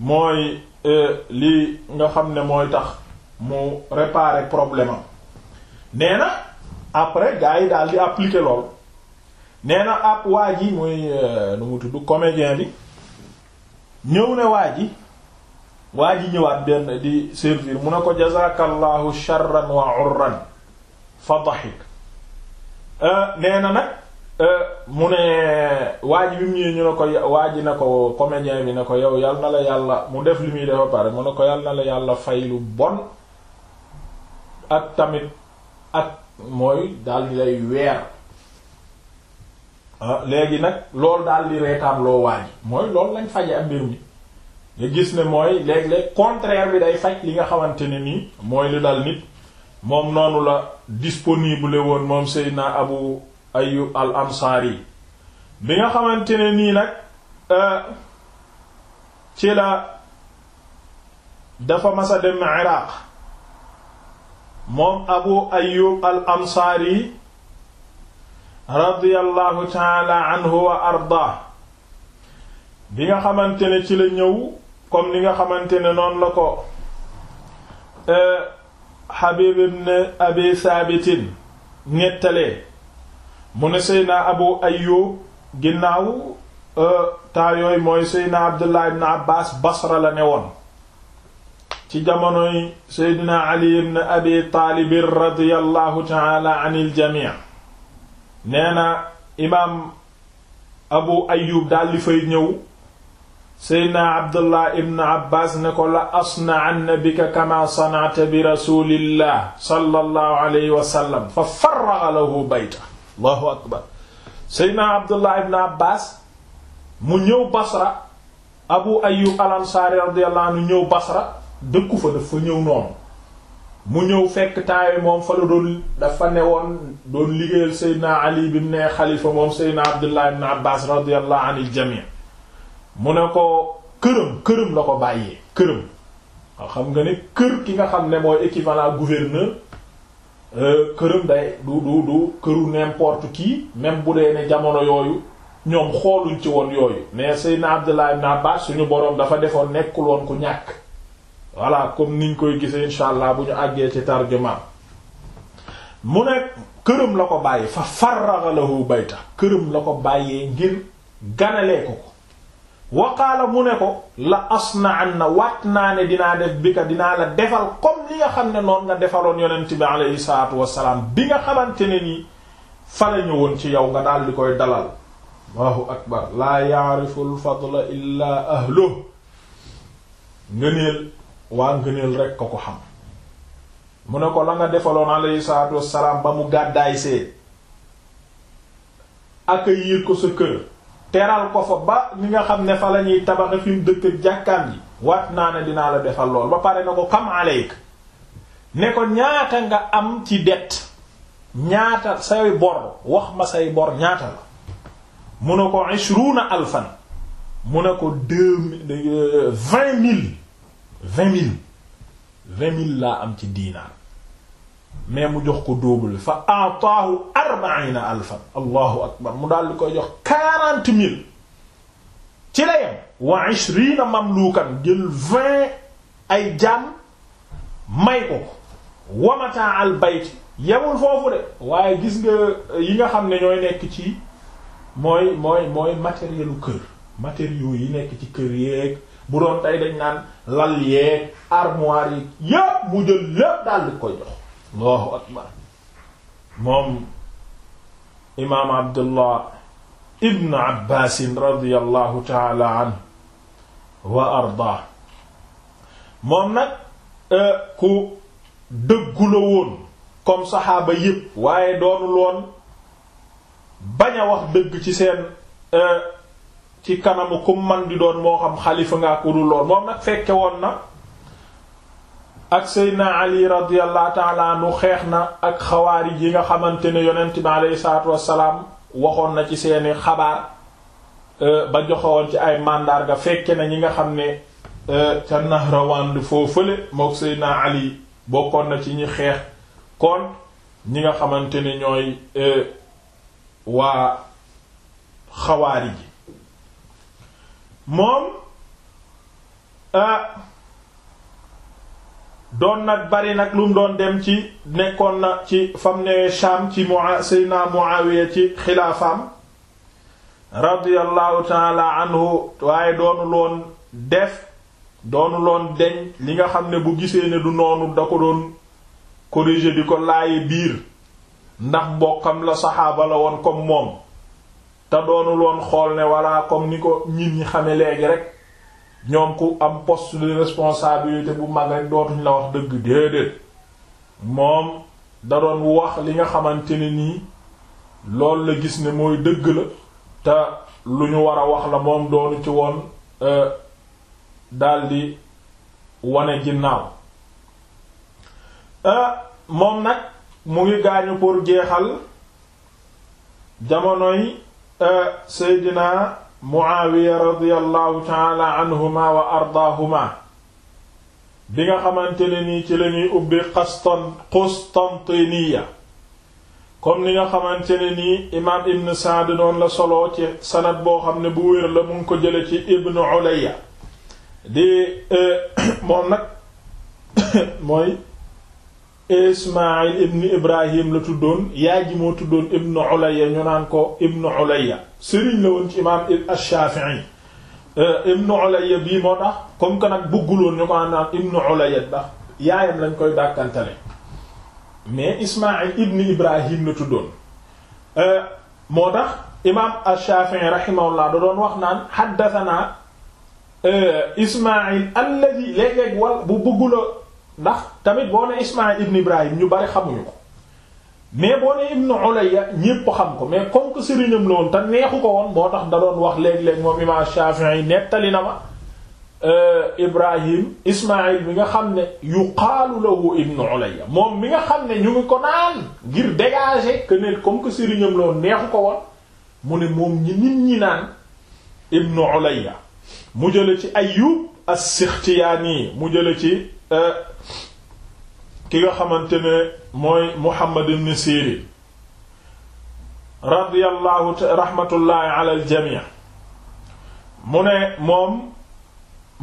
mooy euh, li nga xam ne mooy tax mu réparer problème am nee na après gars yi daal di appliquer lool nee na ab waa ji muy euh, nu mu tudd comédien bi ñëw ne waa ji waa ji ñëwaat benn di servir mu ne ko jazakallahu sharran wa urran fa dahik euh, nee na nag euh, mu ne waa ji bi mu ñëwee ñu ne ko waa ji ne ko comédien bi ne ko yow yal na la yàlla mu def li muy def pare mu ne ko yal na la yàlla fay lu bon ak tamit ak mooy daal di lay weer Ah, léegi nag loolu daal di reetaan loo waaji mooy loolu lañ faje ak mbir mi nga gis ne mooy léeg-léeg contraire bi day faj li nga xamante ni nii mooy li dal nit moom noonu la disponible woon moom Seydina Abu Ayyub al Ansari bi nga xamante ne nii nag eh, ci la dafa masa dem Iraq moom Abu Ayyub al Ansari radiyallahu taala wa arda bi nga xamante ne ci la ñëw comme ni nga xamante ne noonu la ko euh, Habib ibn Abi Saabitin nettalee mu ne Seydina Abu Ayyub ginnaaw euh, taa yooyu mooy Seydina Abdullah ibn Abbas Basra la ne woon ci jamonoy Seydina Ali ibn Abi Taalib radiyallahu taala anil jamii nee na imaam abu ayub daldi fay ñëw seydna abdullah ibn abbas ne ko la asna'anna bika kama sana'ta bi rasulillah sallallahu alayhi wa sallam fa farraga lahu bayta allahu akbar seydna abdullah ibn abbas mu ñëw basra abu ayub al ansari radiyallahu anhu ñëw basra dëkku fa dafa ñëw noonu mu ñëw fekk taawe moom fa la doon dafa ne woon doon liggéeyal seydna ali bi mu xalifa moom seydna abdullah ibn abbas radiyallahu anil jami mu ne ko këram këram la ko bàyyee këram nga xam nga ne kër ki nga xam ne mooy équivalent gouverneur euh, këram day du du du këru n'importe qui même bu dee ne jamono yooyu ñoom xooluñ ci woon yooyu mais seydna abdullah ibn abbas suñu boroom dafa defoon nekkul woon ku ñàkk voilà comme niñ koy gisee insha allah bu ñu àggee ci tarjumaan mu ne këram la ko bàyyi fa farraga lahu bayta këram la ko bàyyee ngir ganalee ko ko waqaala mu ne ko la asna'anna waat naa ne dinaa def bi ka dinaa la defal comme li nga xam ne noonu nga defaloon yonent bi aleyhi salaatu wasalaam bi nga xamante ne nii fa la ñëwoon ci yow nga daal di koy dalal Allahu akbar laa ya'rifu al-fadla illaa ahluhu ngëneel waa ngëneel rek ko ko xam mu ne ko la nga defaloon alayhi salaatu wassalaam ba mu gàddaay see accueillir ko sa kër teral ko fa ba ni nga xam ne fa la ñuy tabaxa fi dëkk jàkkaan ji waat naa ne dinaa la defal lool ba pare na ko kam aleyk ne ko ñaata nga am ci det ñaata say bor wax ma say bor ñaata la mu ne ko ishruna alfan mu ne ko deux euh, vingt mille vingt mille vingt mille laa am ci diinaar mais mu jox ko double fa ataahu arbaina alfan allahu akbar mu daal di koy jox quarante mille ci la yem wa ishrina mamlukan jël vingt ay jaam may ko wa mataa al bayt foofu de waaye gis nga euh, yi nga xam ne ñooy nekk ci mooy mooy mooy matérielu kër matériaux yi nekk ci kër yeeg bu doon tey dañ naan lal yeeg armoire yi yépp mu jël lépp daal di koy jox allahu akbar moom imaam abdullah ibn abbaas radiallahu taala anhu wa ardaa moom nag e, ku dëggu la woon comme saxaaba yépp waaye doonul woon bañ wax dëgg ci seen e, ci kanamu ku man di doon moo xam xalifa ngaa ko dul lool moom nag fekke woon na ak na ali radiyallahu taala anu xeex na ak xawaari yi nga xamante ne yonent bi aleyhi salaatu wassalaam waxoon na ci seeni xabaar euh, ba joxewoon ci ay màndaar ga fekke na ñi nga xam ne euh, ca Nahrawand foo fële mook seydna ali bokkoon na ci ñi xeex kon ñi nga xamante ne ñooy euh, waa xawaarij moom ah, doon nag bari nag lu mu doon dem ci nekkoon na ci fam ne Sham ci mua Seydina Muawiya ci xilaafaam radiyallahu taala anhu waaye doonu loon def doonu loon deñ li nga xam ne bu gisee ne du noonu da ko doon corriger di ko laaye biir ndax mbokkam la saxaaba la woon comme moom te doonul woon xool ne walla comme ni ko nit ñi xame léegi rek ñoom ku am poste de responsabilité bu mag rek dootuñ la wax dëgg déedéet moom da doon wax li nga xamante ne nii loolu la gis ne mooy dëgg la te lu ñu war a wax la moom doonu ci woon euh, daldi wane ginnaaw euh, moom nag mu ngi gaañu pour jeexal jamonoy seydina Muawiya radiyallahu taala anhuma wa ardaahuma bi nga xamante ne nii ci lañuy ubbi Qustan Qustantiniya comme ni nga xamante ne nii imaam Ibn Sa'd doon la solo ci sanad boo xam ne bu wér la mu ngi ko jële ci Ibn Ulayya di eh, (coughs) moom nag (coughs) mooy Ismaayil ibn Ibrahim la tuddoon yaay ji moo tuddoon ibn Ulayya ñu naan euh, yaayam lañ koy dàkkantale mais Ismaayil ibn Ibrahim la tuddoon euh, moo tax imaam Ash-Shafi'i rahimahullah da doon wax naan haddathanaa euh, Ismaayil alladhi léeg-léeg wal bu bëggula ndax tamit boo ne Ismaïl ibn Ibrahim ñu bari xamuñu ko mais boo ne Ibn Ulayya ñépp xam ko mais comme que sëriñam la woon te neexu ko woon moo tax da doon wax léeg-léeg moom imam Shafi'i nettali na ma euh, Ibrahim Ismaïl bi nga xam ne yuqaalu lahu Ibn Ulayya moom mi nga xam ne ñu ngi ko naan ngir dégager que ne comme que sëriñam la woon neexu ko woon mu ne moom ñi nit ñi naan Ibn Ulayya mu jële ci Ayyub as-Sikhtiyani mu jële ci euh, ki nga xamante ne mooy Muhammad ibn Sirin radiyallahu rahmatullahi ala mu ne moom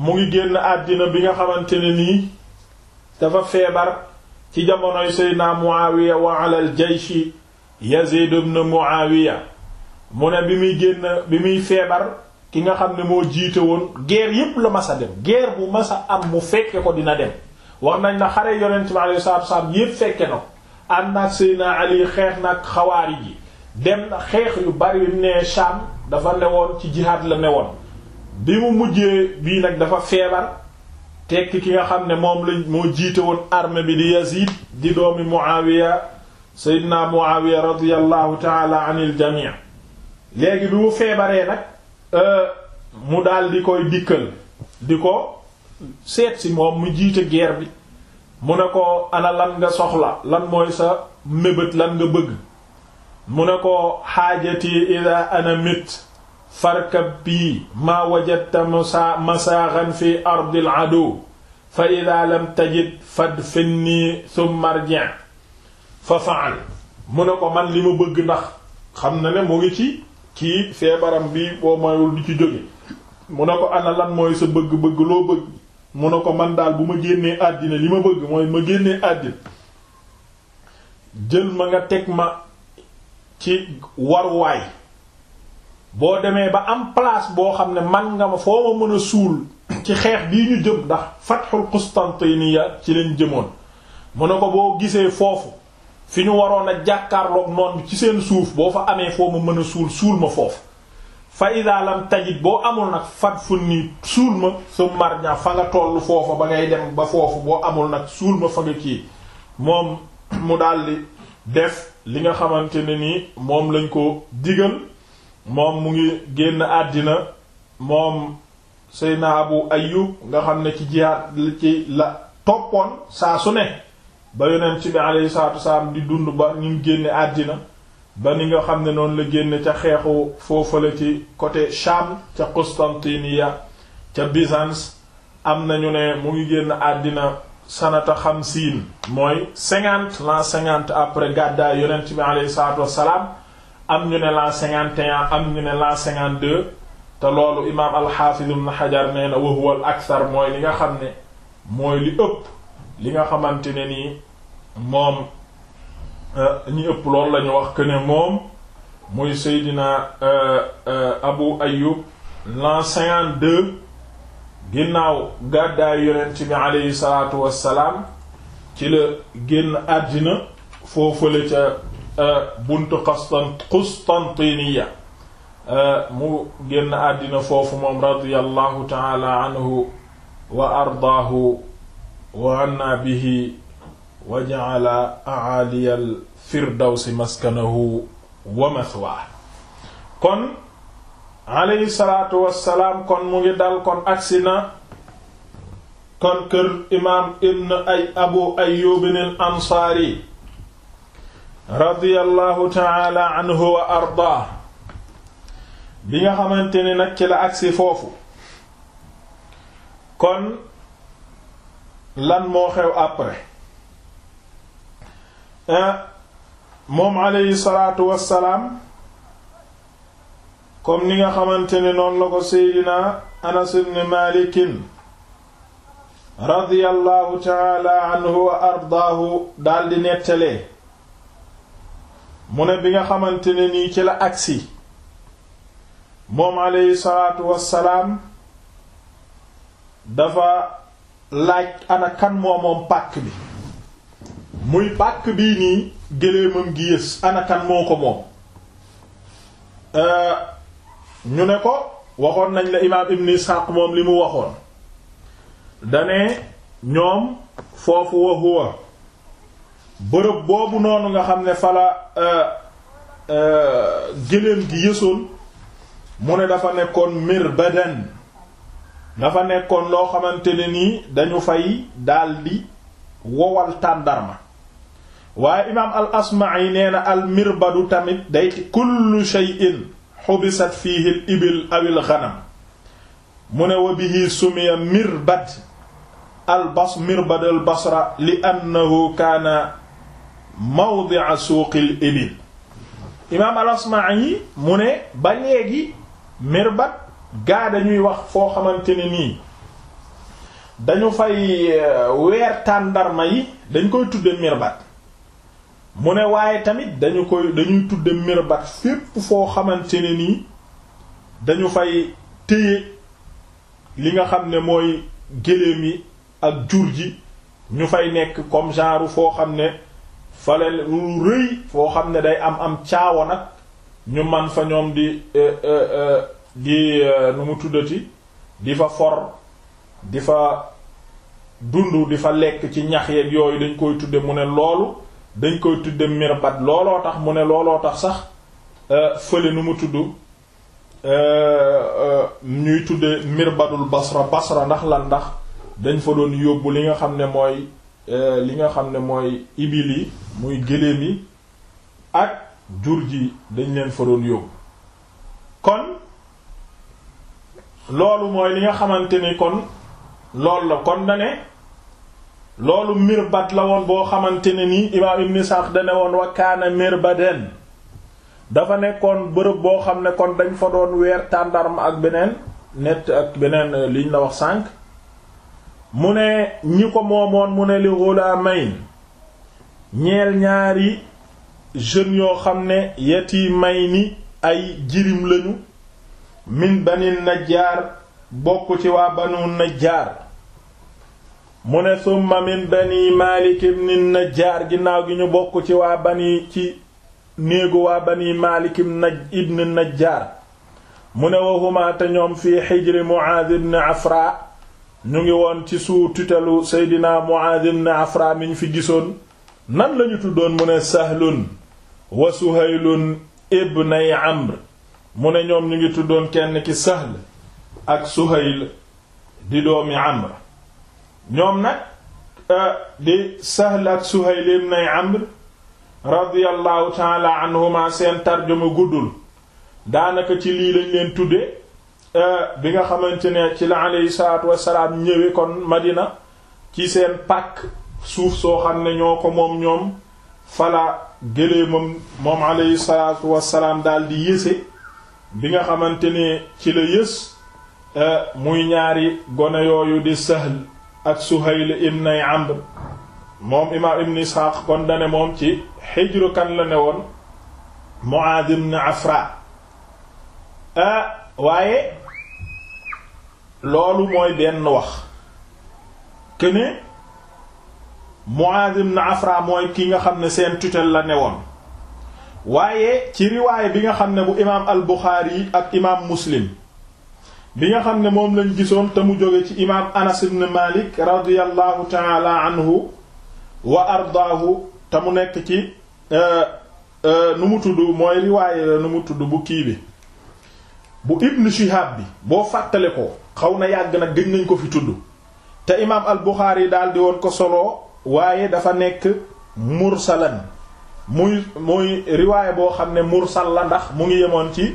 mu ngi génn àddina bi nga xamante ne nii dafa feebar ci jamonoy Seydina Muawiya wa ala aljayshi Yazid ibn Muawiya mu ne bi muy génn bi muy feebar ki nga xam ne moo jiite woon guerre yépp la mas a dem guerre bu mas a am mu fekke ko dina dem wax nañ la xare yonent bi alayhi salaatu wasalaam yépp fekke na ko ànd naag Ali xeex naag xawaari ji dem na xeex yu bari ne Sham dafa newoon ci jihaad la newoon bi mu mujjee bii nag dafa feebar tekki ki nga xam ne moom lañ moo jiite woon armée bi di Yazid di doomi Muawiya Seydina Muawiya radiyallahu taala anil jamii léegi bi mu feebaree nag euh, mu daal di koy dikkal di ko seet si moom mu jiite guerre bi mu ne ko ana lan nga soxla lan mooy sa mébét lan nga bëgg mu ne ko xaajati ida ana mit farkab bii maa wajadta masaaxan fi ardil aduw fa ida lam tajid fadfinni thumma arji' fa fa'al mu ne ko man li ma bëgg ndax xam na ne mu ngi ci ci feebaram bi boo mayul di ci jóge mu ne ko ana lan mooy sa bëgg-bëgg loo bëgg mu ne ko man daal bu ma génnee àddina li ma bëgg mooy ma génnee àddina jën ma nga teg ma ci waruwaay boo demee ba am place boo xam ne man nga ma foo ma mën a suul ci xeex bii ñu jëm ndax fatxul Qustantiniya ci leen jëmoon mu ne ko boo gisee foofu fi ñu waroon a jàkkaarloog noon bi ci seen suuf boo fa amee foo ma mën a suul suul ma foofu fa ida lam boo amul nag fat fu nii suul ma su marja fa nga toll foofa ba ngay dem ba foofu boo amul nag suul ma fa nga kii moom mu daldi def li nga xamante ne nii moom lañ ko digal moom mu ngi génn àddina moom Seydina Abu Ayyub nga xam ne ci jihaad ci la toppoon saa su ne ba yonent bi alayhi salaatu wasalaam di dund ba ñu génne àddina ba ni nga xam ne noonu la génn ca xeexu foofu la ci côté Cham ca Constantiniya ca Byzance am nañu ne mu ngi génn àddina sanata xamsiin mooy cinquante l'an cinquante après gàddaay yonent bi aleyhi salaatu wassalaam am ñu ne la cinquante et am ñu ne la cinquante deux te loolu imaam alxaafis ibn Hajar nee na wa huwa mooy li nga xam ne mooy li ëpp li nga xamante ne nii moom Euh, ñi ëpp loolu lañu wax que ne moom muy Seydina euh, euh, Abu Ayyub l'an cinquante-deux ginnaaw gàddaay yonent bi aleyhi salaatu wassalaam ci la génn àddina foofale ca buntu Qustan mu génn àddina foofu moom radiyallahu taala anhu wa ardaahu wa anna bihi waja'ala a'aliyal firdawsi maskanahu wa mathwaa kon alayhi salaatu wassalaam kon mu ngi dal kon agsi na kon kër imaam ibn ay abu ayyubin al ansaari radiyallahu taala anhu wa ardaa bi nga xamante ni nag ci la agsi foofu kon lan moo xew après Eh, moom aleyhi salaatu wassalaam comme ni nga xamante ni noonu la ko seydina anas ibn malikin radiyallahu taala anhu wa ardaahu daldi nettalee mu bi nga xamante ne nii ci la agsi moom aleyhi salaatu wassalaam dafa laaj ana kan moo moom bi muy pàkk bii nii géléemam gi yës anakan moo ko moom euh, ñu ne ko waxoon nañ la imaam ibn Ishaq moom li mu waxoon dane ñoom foofu wa bërëb boobu noonu nga xam ne fala euh, euh, géléem gi yësoon mu ne dafa nekkoon mirbadan dafa nekkoon loo xamante ne nii dañu fay daldi wowal tàndarma waaye imaam al asma'i nee na al mirbadu tamit day kullu shay'in xubisat fiihi al ibil aw al ghanam mu ne wa bihi sumiya mirbad al bas mirbad al basra li annahu kaana mawdi'a suuqi al ibil imaam al asma'i mu ne ba léegi mirbad gaa dañuy wax foo xamante ne nii dañu fay eh, weer tàndarma yi dañ koy tudde mirbad mu ne waaye tamit dañu koy dañuy tudde mirbat fépp foo xamante ne nii dañu fay téye li nga xam ne mooy géléem yi ak jur ji ñu fay nekk comme genre foo xam ne fale lu rëy foo xam ne day am am caawo nag ñu man fa ñoom di eh, eh, eh, di nu mu tuddati di fa for di fa dund di fa lekk ci ñax yeeg yooyu dañ koy tudde mu ne loolu dañ koy tudde mirbat looloo tax mu ne looloo tax sax euh, fële nu mu tudd euh, euh, ñuy tudde mirbatul basra basra ndax lan ndax dañ fa doon yóbbu li nga xam ne mooy li nga xam ne mooy ibil yi muy gëléem yi ak jur ji dañ leen fa doon yóbbu kon loolu mooy li nga xamante ni kon loolu la kon na loolu mirbat la woon boo xamante ne nii imaam ibn Isxaaq dane woon wa kaana mirbaden dafa nekkoon bërëb boo xam ne kon dañ fa doon weer tàndarm ak beneen nett ak beneen euh, liñ la wax sànq mu ne ñi ko moomoon mu ne li may ñeel ñaari jeunes yoo xam ne may ni ay jirim lañu min bani jaar bokk ci waa na jaar mu ne summa min bani maalik ibn najjaar ginnaaw gi ñu bokk ci waa bani ci néegu waa bani maalik ibn najjaar mu ne waxumaate ñoom fii xijri muaaz ibn ñu ngi woon ci suu tutelu seydina muaaz ibn afra ñu fi gisoon nan lañu tuddoon mu ne sahlun wa suhaylun ibnay amr mu ne ñoom ñu ngi tuddoon kenn ki sahl ak suhayl di doomi amr ñoom nag euh, di Sahl ak Suhayl ibn Amr radiyallahu taala anhuma seen tarjuma guddul daanaka ci lii lañ leen tudde euh, bi nga xamante ne ci la aleyhi salaatu wasalaam ñëwee kon Madina ci seen pàkk suuf soo xam ne ñoo ko moom ñoom fala gëlee moom moom salaatu wasalaam daal yëse bi nga xamante ne ci la yës euh, muy ñaari gone yooyu di Sahl ak Suhayl ibn Amr moom imaam ibn Isxaaq kon dane moom ci xijru kan la ne woon Muaad ibn Afra waaye loolu mooy benn wax këne Muaad ibn Afra mooy ki nga xam ne seen tutelle la ne woon waaye ci riwaay bi nga xam ne bu imaam al Buxaari ak imaam Muslim li nga xam ne moom lañ gisoon te mu jóge ci imaam anas ibn malik radiyallahu taala anhu wa ardaahu te mu nekk ci euh, euh, nu mu tudd mooy riwaaye la nu mu tudd bu kii bi bu ibn shihab bi boo fàttale ko xaw na yàgg na gëj nañ ko fi tudd te imaam al buxaari daal di woon ko solo waaye dafa nekk mursalan muy muy riwaaye boo xam ne mursal la ndax mu ngi yemoon ci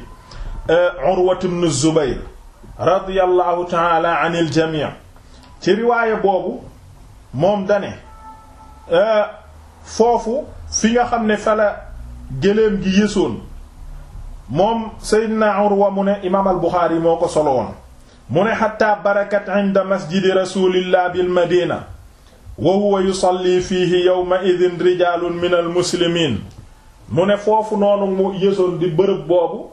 euh, urwat ibn zubayr radiyallahu taala anil jamii ci riwaaya boobu moom dane euh, foofu fi nga xam ne fala géléem gi yësoon moom Seydina Urwa mu ne imaam al Buxaari moo ko soloon mu ne xataa barakat inda masjidi rasulillah bil madina wa huwa yusalli fiihi yawma idin rijaalun minal muslimiin mu ne foofu noonu mu yësoon di bërëb boobu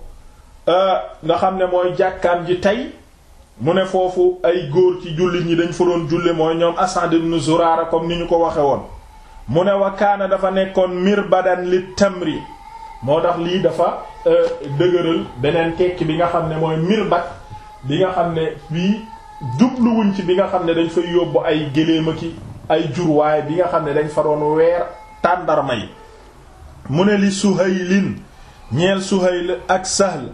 Euh, nga xam ne mooy jàkkaam ji tey mu ne foofu ay góor ci jullit ñi dañ fa doon julle mooy ñoom Asad ibn Zurara comme ni ñu ko waxe woon mu ne wa kaana dafa nekkoon mirbadan li tamri moo tax lii dafa euh, dëgëral beneen kekk bi nga xam ne mooy mirbad bi nga xam ne bii jubluwuñ ci bi nga xam ne dañ fay yóbbu ay géléem ki ay jurwaay bi nga xam ne dañ fa doon weer tàndarma yi mu ne li Suhaylin ñeel Suhayl ak Sahl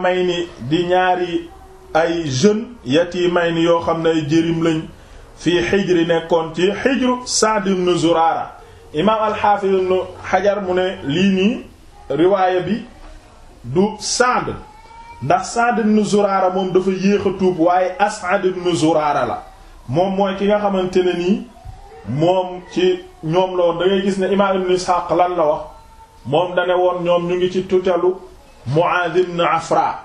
may ni di ñaari ay jeune yatimayni yoo xam ne ay jërim lañ fii xijri nekkoon ci xijru Sa'd ibn Zurara imaam al-Hafiz ibn mu ne lii nii riwaaya bi du Sa'd ndax Sa'd nu Zurara moom dafa yéex tuub waaye As'ad ibn Zurara la moom mooy ki nga xamante ne nii moom ci ñoom la woon da gis ne imaam ibn Ishaq lan la wax moom dane woon ñoom ñu ngi ci tutelu Muaaz ibn Afra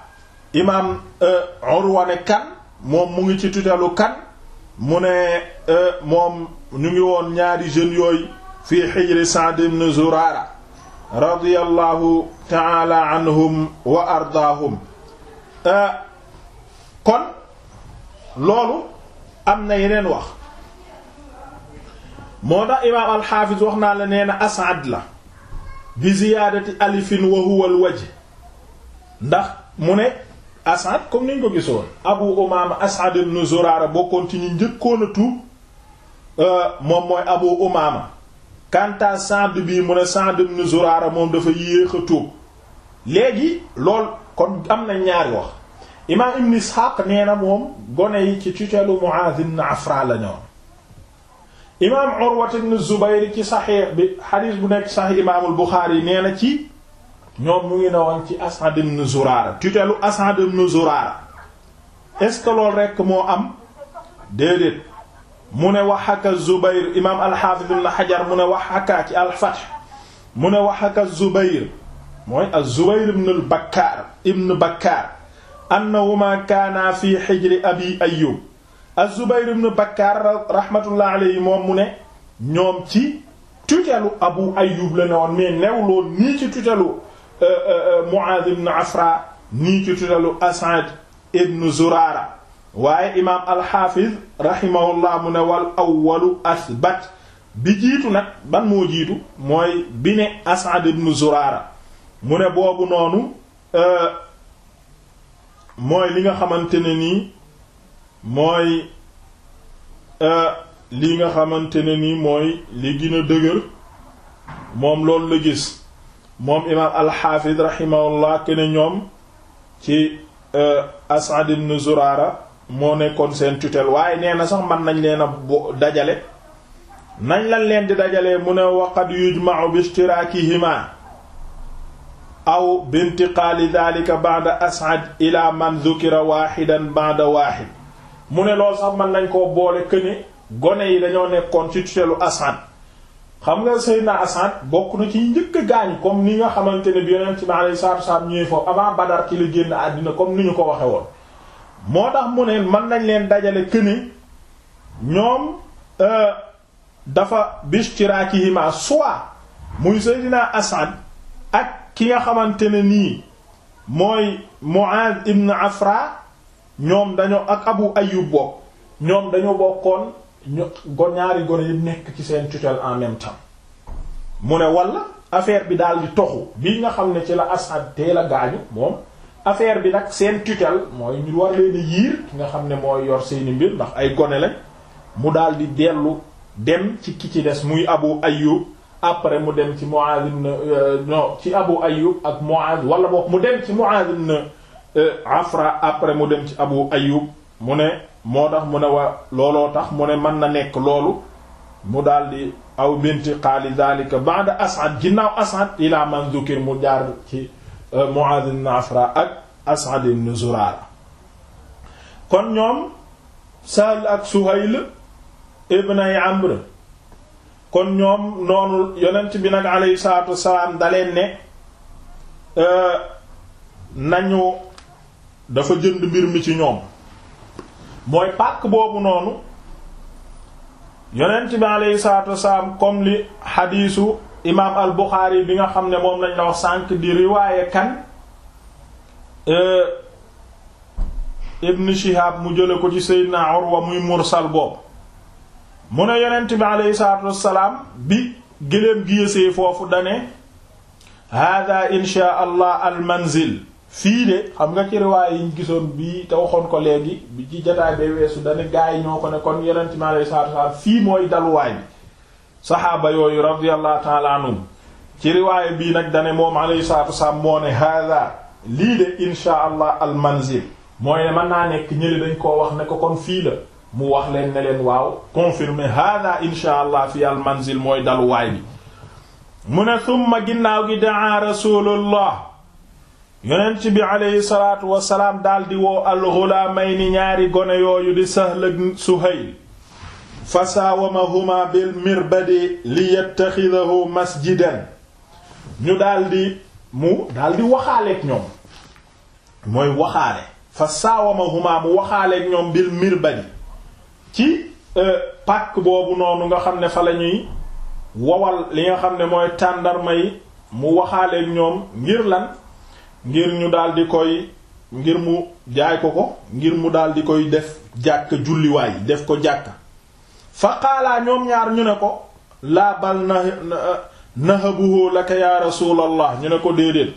imaam euh, Urwa ne kan moom mu ngi ci tutelu kan mu ne euh, moom ñu ngi woon ñaari jeunes yooyu fii hijri Sa'd ibn Zurara radiyallahu ta'ala anhum wa ardaahum euh, kon loolu am na yeneen wax moo tax imaam alxaafis wax naa la nee na la bi ziyaadati alifin wa huwa al wajh ndax mu ne As'ad comme niñ ko gisoon Abu Umaama As'ad ibn Zurara bokkoon ci ñu njëkkoon a tuub euh, moom mooy Abu Umaama kanta Sa'd bii mu ne Sa'd ibn Zurara moom dafa yéex a tuub léegi lool kon am na ñaari wax imaam Ibn Ishaq nee na moom gone yi ci tutelu Mu'adh ibn Afra la ñoom imaam Urwa ibn Zubayr ci saxiix bi xadiis bu nekk saxiix imaamul Buxaari nee na ci ñoom mu ngi ne woon ci As'ad ibn Zurara tutelu As'ad ibn Zurara est rekk moo am déedéet mu ne wax haka Zubayr imaam al-Hafiz ibn mu ne wax haka ci al-Fath ne wax haka Zubayr mooy az-Zubayr ibn al-Bakkar ibn Bakkar annahuma kaana fi hijri abi Ayyub az-Zubayr ibn Bakkar rahmatullah moom mu ne ñoom ci tutelu Abu Ayyub la ne woon mais newloon nii ci tutelu Euh, euh, euh, Muaaz ibn Afra nii ci tutalu As'ad ibn Zurara waaye imaam alxaafiz rahimahullah mu ne wal awwalu asbat bi jiitu nag ban moo jiitu mooy bi ne ibn Zurara mu ne boobu noonu mooy li nga xamante ne nii mooy li nga xamante ne nii mooy li gën dëgër moom loolu la gis moom imaam alxaafid rahimahullah ke ñoom ci euh, As'ad ibn Zurara moo nekkoon seen tutelle waaye nee na sax man nañ leen a dajale nañ lañ leen di dajale mu ne waqad yujma'u bi ishtiraakihima aw bi intiqaali dhalika ba'da As'ad ila man dhukira waahidan ba'da waahid mu ne loolu sax man nañ ko boole këne gone yi dañoo nekkoon ci tutelu As'ad xam nga Seydina Asad bokk na ci njëkk a gaañ comme ni nga xamante ne bi yonent bi alayhi salaatu wasallam ñëwee foofu avant Badar ci la génn àddina comme ni ñu ko waxe woon moo tax mu ne mën nañ leen dajale këne ñoom euh, dafa bishtirakihima soit muy Seydina Asad ak ki nga xamante ne nii mooy Muaz ibn Afra ñoom dañoo ak Abu Ayyub bokk ñoom dañoo bokkoon ñu go ñaari gone yi nekk ci seen tutelle en même temps mu ne wala affaire bi daal di toxu bii nga xam ne ci la Asad teel a gaañu moom affaire bi nag seen tutelle mooy ñu war leen yiir nga xam ne moo yor seeni mbir ndax ay gone lañ mu daal di dellu dem ci ki ci des muy Abu Ayyub après mu dem ci Muaz ibn euh, non ci Abu Ayyub ak Muaz wala boog mu dem ci Muaz ibn euh, Afra après mu dem ci Abu Ayyub mu ne moo tax mu ne wa looloo tax mu ne mën na nekk loolu mu daldi aw bintiqaali dhalika ba'da As'ad ginnaaw As'ad ila man dhukir mu jaar ci euh, Mu'adh ibn Afra ak As'ad ibn Zurara kon ñoom Sahl ak Suhayl ibn Amr kon ñoom noonu yonent bi nag alayhi salaatu wassalaam daleen ne euh, nañu dafa jënd mbir mi ci ñoom mooy pàkk boobu noonu yonent bi aleyhi salaatu wasalaam xadiisu imaam al Buxaari bi nga xam ne moom lañ la wax sànq di riwaaye kan euh, ibn Shihab mu jële ko ci Seydina Urwa muy mursal boobu mu ne yonent bi aleyhi salaatu bi gëléem gi foofu dane hada insha allah al manzil fii de xam nga ci riwaay yi gisoon bii te waxoon ko léegi bi ci jataay bay weesu dana gaa ñoo ko ne kon yeneen ma bi saxaaba yooyu radiyallahu ta'ala anhum ci riwaay bii nag dane moom alayhi salaatu moo ne hada lii de insha allah al manzil mooy ne mën naa nekk ñëli dañ koo wax ne ko kon fii la mu wax leen ne waaw confirmer hada insha fi al mooy daluwaay bi mu ne summa ginnaaw gi daa rasulullah yonent bi aleyhi salaatu wasalaam daldi woo ni ñaari gone yooyu di Sahl ak Suhayl fasaawamahuma bil mirbadi li yattaxidahu masjidan ñu daldi mu daldi waxaaleek ñoom mooy waxaale fasaawamahuma mu waxaaleek ñoom bil mirbadi ci euh, pàkk boobu noonu nga xam ne fa lañuy wowal li nga xam ne mooy tàndarma yi mu waxaaleek ñoom ngir lan ngir ñu daldi koy ngir mu jaay ko ko ngir mu daldi koy def jàkk julliwaay yi def ko jàkka fa qaalaa ñoom ñaar ñu ne ko laabal bal na nahabuhu laka ya rasulallah ñu ne ko déedéet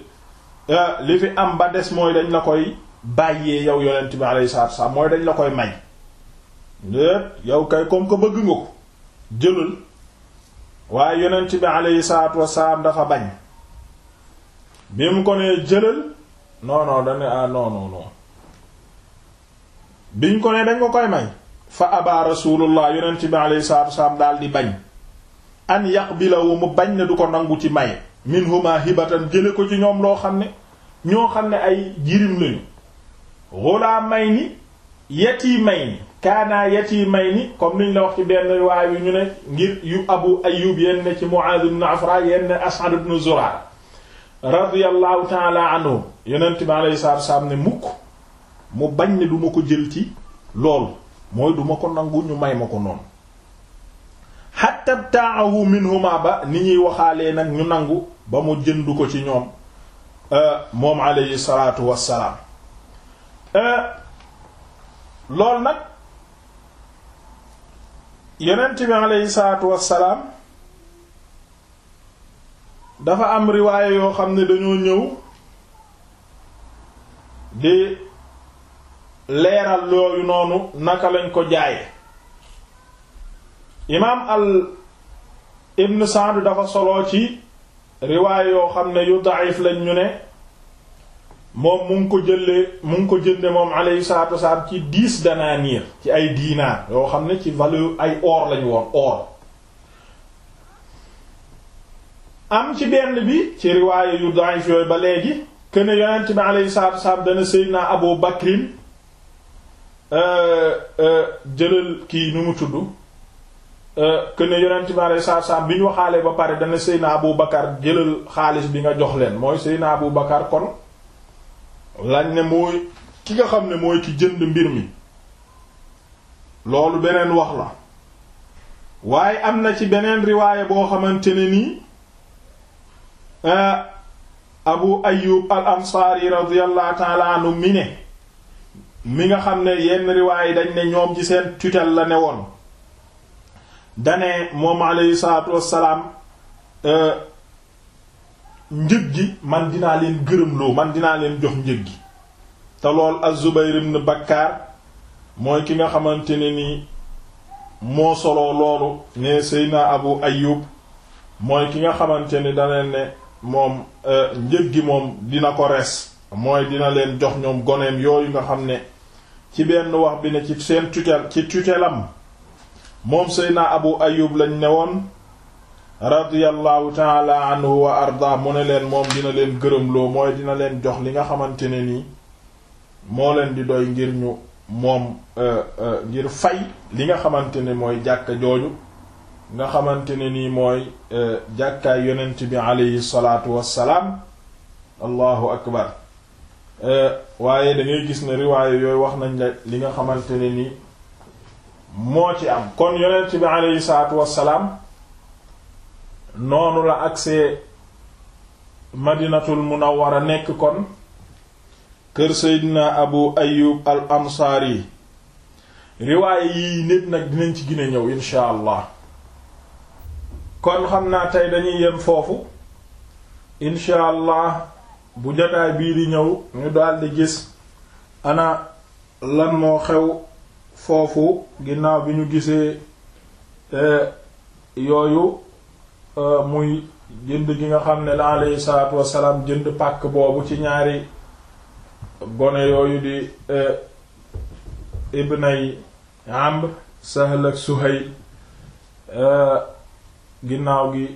eh, li fi am ba des mooy dañ la koy bàyyee yow yonent bi alayhi salaatu wasallam mooy dañ la koy may déet yow kay comme que bëgg nga ko jëlal waaye yonent bi alayhi salaatu wasallam dafa bañ bi mu ko nee jëlal non non dane ah non non non biñ ko nee dañ ko koy may fa aba rasulullah yonent bi alayhi salatu wassalam daal di bañ an yaqbilahu mu bañ ne du ko nangu ci maye minhuma hibatan jële ko ci ñoom loo xam ne ñoo xam ne ay jirim lañu ghulamayni yi kaana ni comme niñ la wax ci benn waayu ñu ne ngir yu abu ayyub yenn ci mu'adh ibn afra yenn as'ad ibn zurara radiyallahu taala anhu yonent bi alayhi salaatu salaam ne mukk mu bañ ne du ko jël ci lool mooy duma ko nangu ñu may ma ko noonu hatta btaahu minhuma ba ni ñuy waxaalee nag ñu nangu ba mu jënd ko ci ñoom euh, moom alayhi salaatu wassalaam euh, loolu nag yonent bi alayhi salaatu wassalaam dafa am riwaaye yoo xam ne dañoo ñëw di leeral yooyu noonu naka lañ ko jaaye imaam al ibn Sa'd dafa soloo ci riwaaye yoo xam ne yu da'if lañ ñu ne moom mun ko jëlee mu ko jënde moom alayhi salaatu wasalaam ci dix danaaniir ci ay diinaar yoo xam ne ci valeur ay or lañu woon or am ci benn bi ci riwaaye yu da'if yooyu ba léegi këne yonent bi alayhi salaatu wasalaam dana naa Abu Bakrin euh, euh, jëlal kii nu mu tudd kën euh, yonent bi alayhi salaatu wasalaam bi ñu waxaalee ba pare dana Seydina Abu Bakar jëlal xaalis bi nga jox leen mooy Seydina Abu Bakar kon lañ ne mooy ki nga xam ne mooy ki jënd mbir mi loolu beneen wax la waaye am na ci beneen riwaaye boo xamante ne nii Eh, abu ayub al ansaari radiyallahu taala mi ne mi nga xam ne yenn riwaay dañ ne ñoom ci seen tutelle la ne woon dane moom aleyhi salaatu wassalaam eh, njëg gi man dinaa leen gërëmloo man dinaa leen jox njëg gi te lool az-Zubayr ibn mooy ki nga xamante ne ni moo soloo loolu ne Seydina Abu Ayyub mooy ki nga xamante ni daneen ne moom euh, njëg gi moom dina ko res mooy dina leen jox ñoom goneem yooyu nga xam ne ci benn wax bi ne ci seen tutelle ci tutelam moom naa Abu ayub lañ ne woon radiyallahu taala anhu wa arda mu ne leen moom dina leen gërëmloo mooy dina leen jox li nga xamante ne nii moo leen di doy ngir ñu moom euh, euh, ngir fay li nga xamante ne mooy jàkk jooju nga xamante ne nii mooy e, jàkkaay yonent bi aleyhi salaatu wassalaam allahu akbar e, waaye da gis ne riwaaye yooyu wax nañ la li nga xamante ne nii moo ci am kon yonent bi aleyhi salaatu wassalaam noonu la agsee madinatul munawwara nekk kon kër seydina abu ayub al ansaari riwaaye yi nit nag dinañ ci gine ñëw insha allah kon xam naa tey dañuy yem foofu incha bu jotaay bii di ñëw ñu daldi gis ana lan moo xew foofu ginnaaw bi ñu gisee eh, yooyu eh, muy jënd gi nga xam ne la alayhi salaatu wasalaam jënd pàkk boobu ci ñaari gone yooyu di eh, ibnay Amr Sahl ak Suhayl ginnaaw gi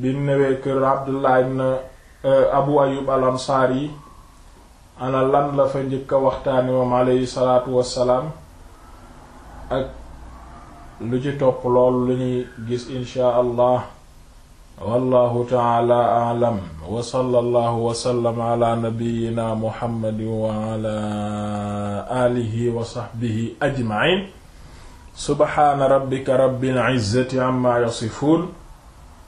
bi mu newee kër Abdullah eh, Abu Ayyub al-Ansari ana lan la fa njëkk a waxtaani moom alayhi salaatu wassalaam ak lu ci topp lool lu ñuy gis inshaa allah wallahu taala alam wa sallallahu wa sallam ala nabiyyina muhammadin wa ala alihi wa sahbihi ajma'in subhaana rabbika rabbil izzati amma yasifun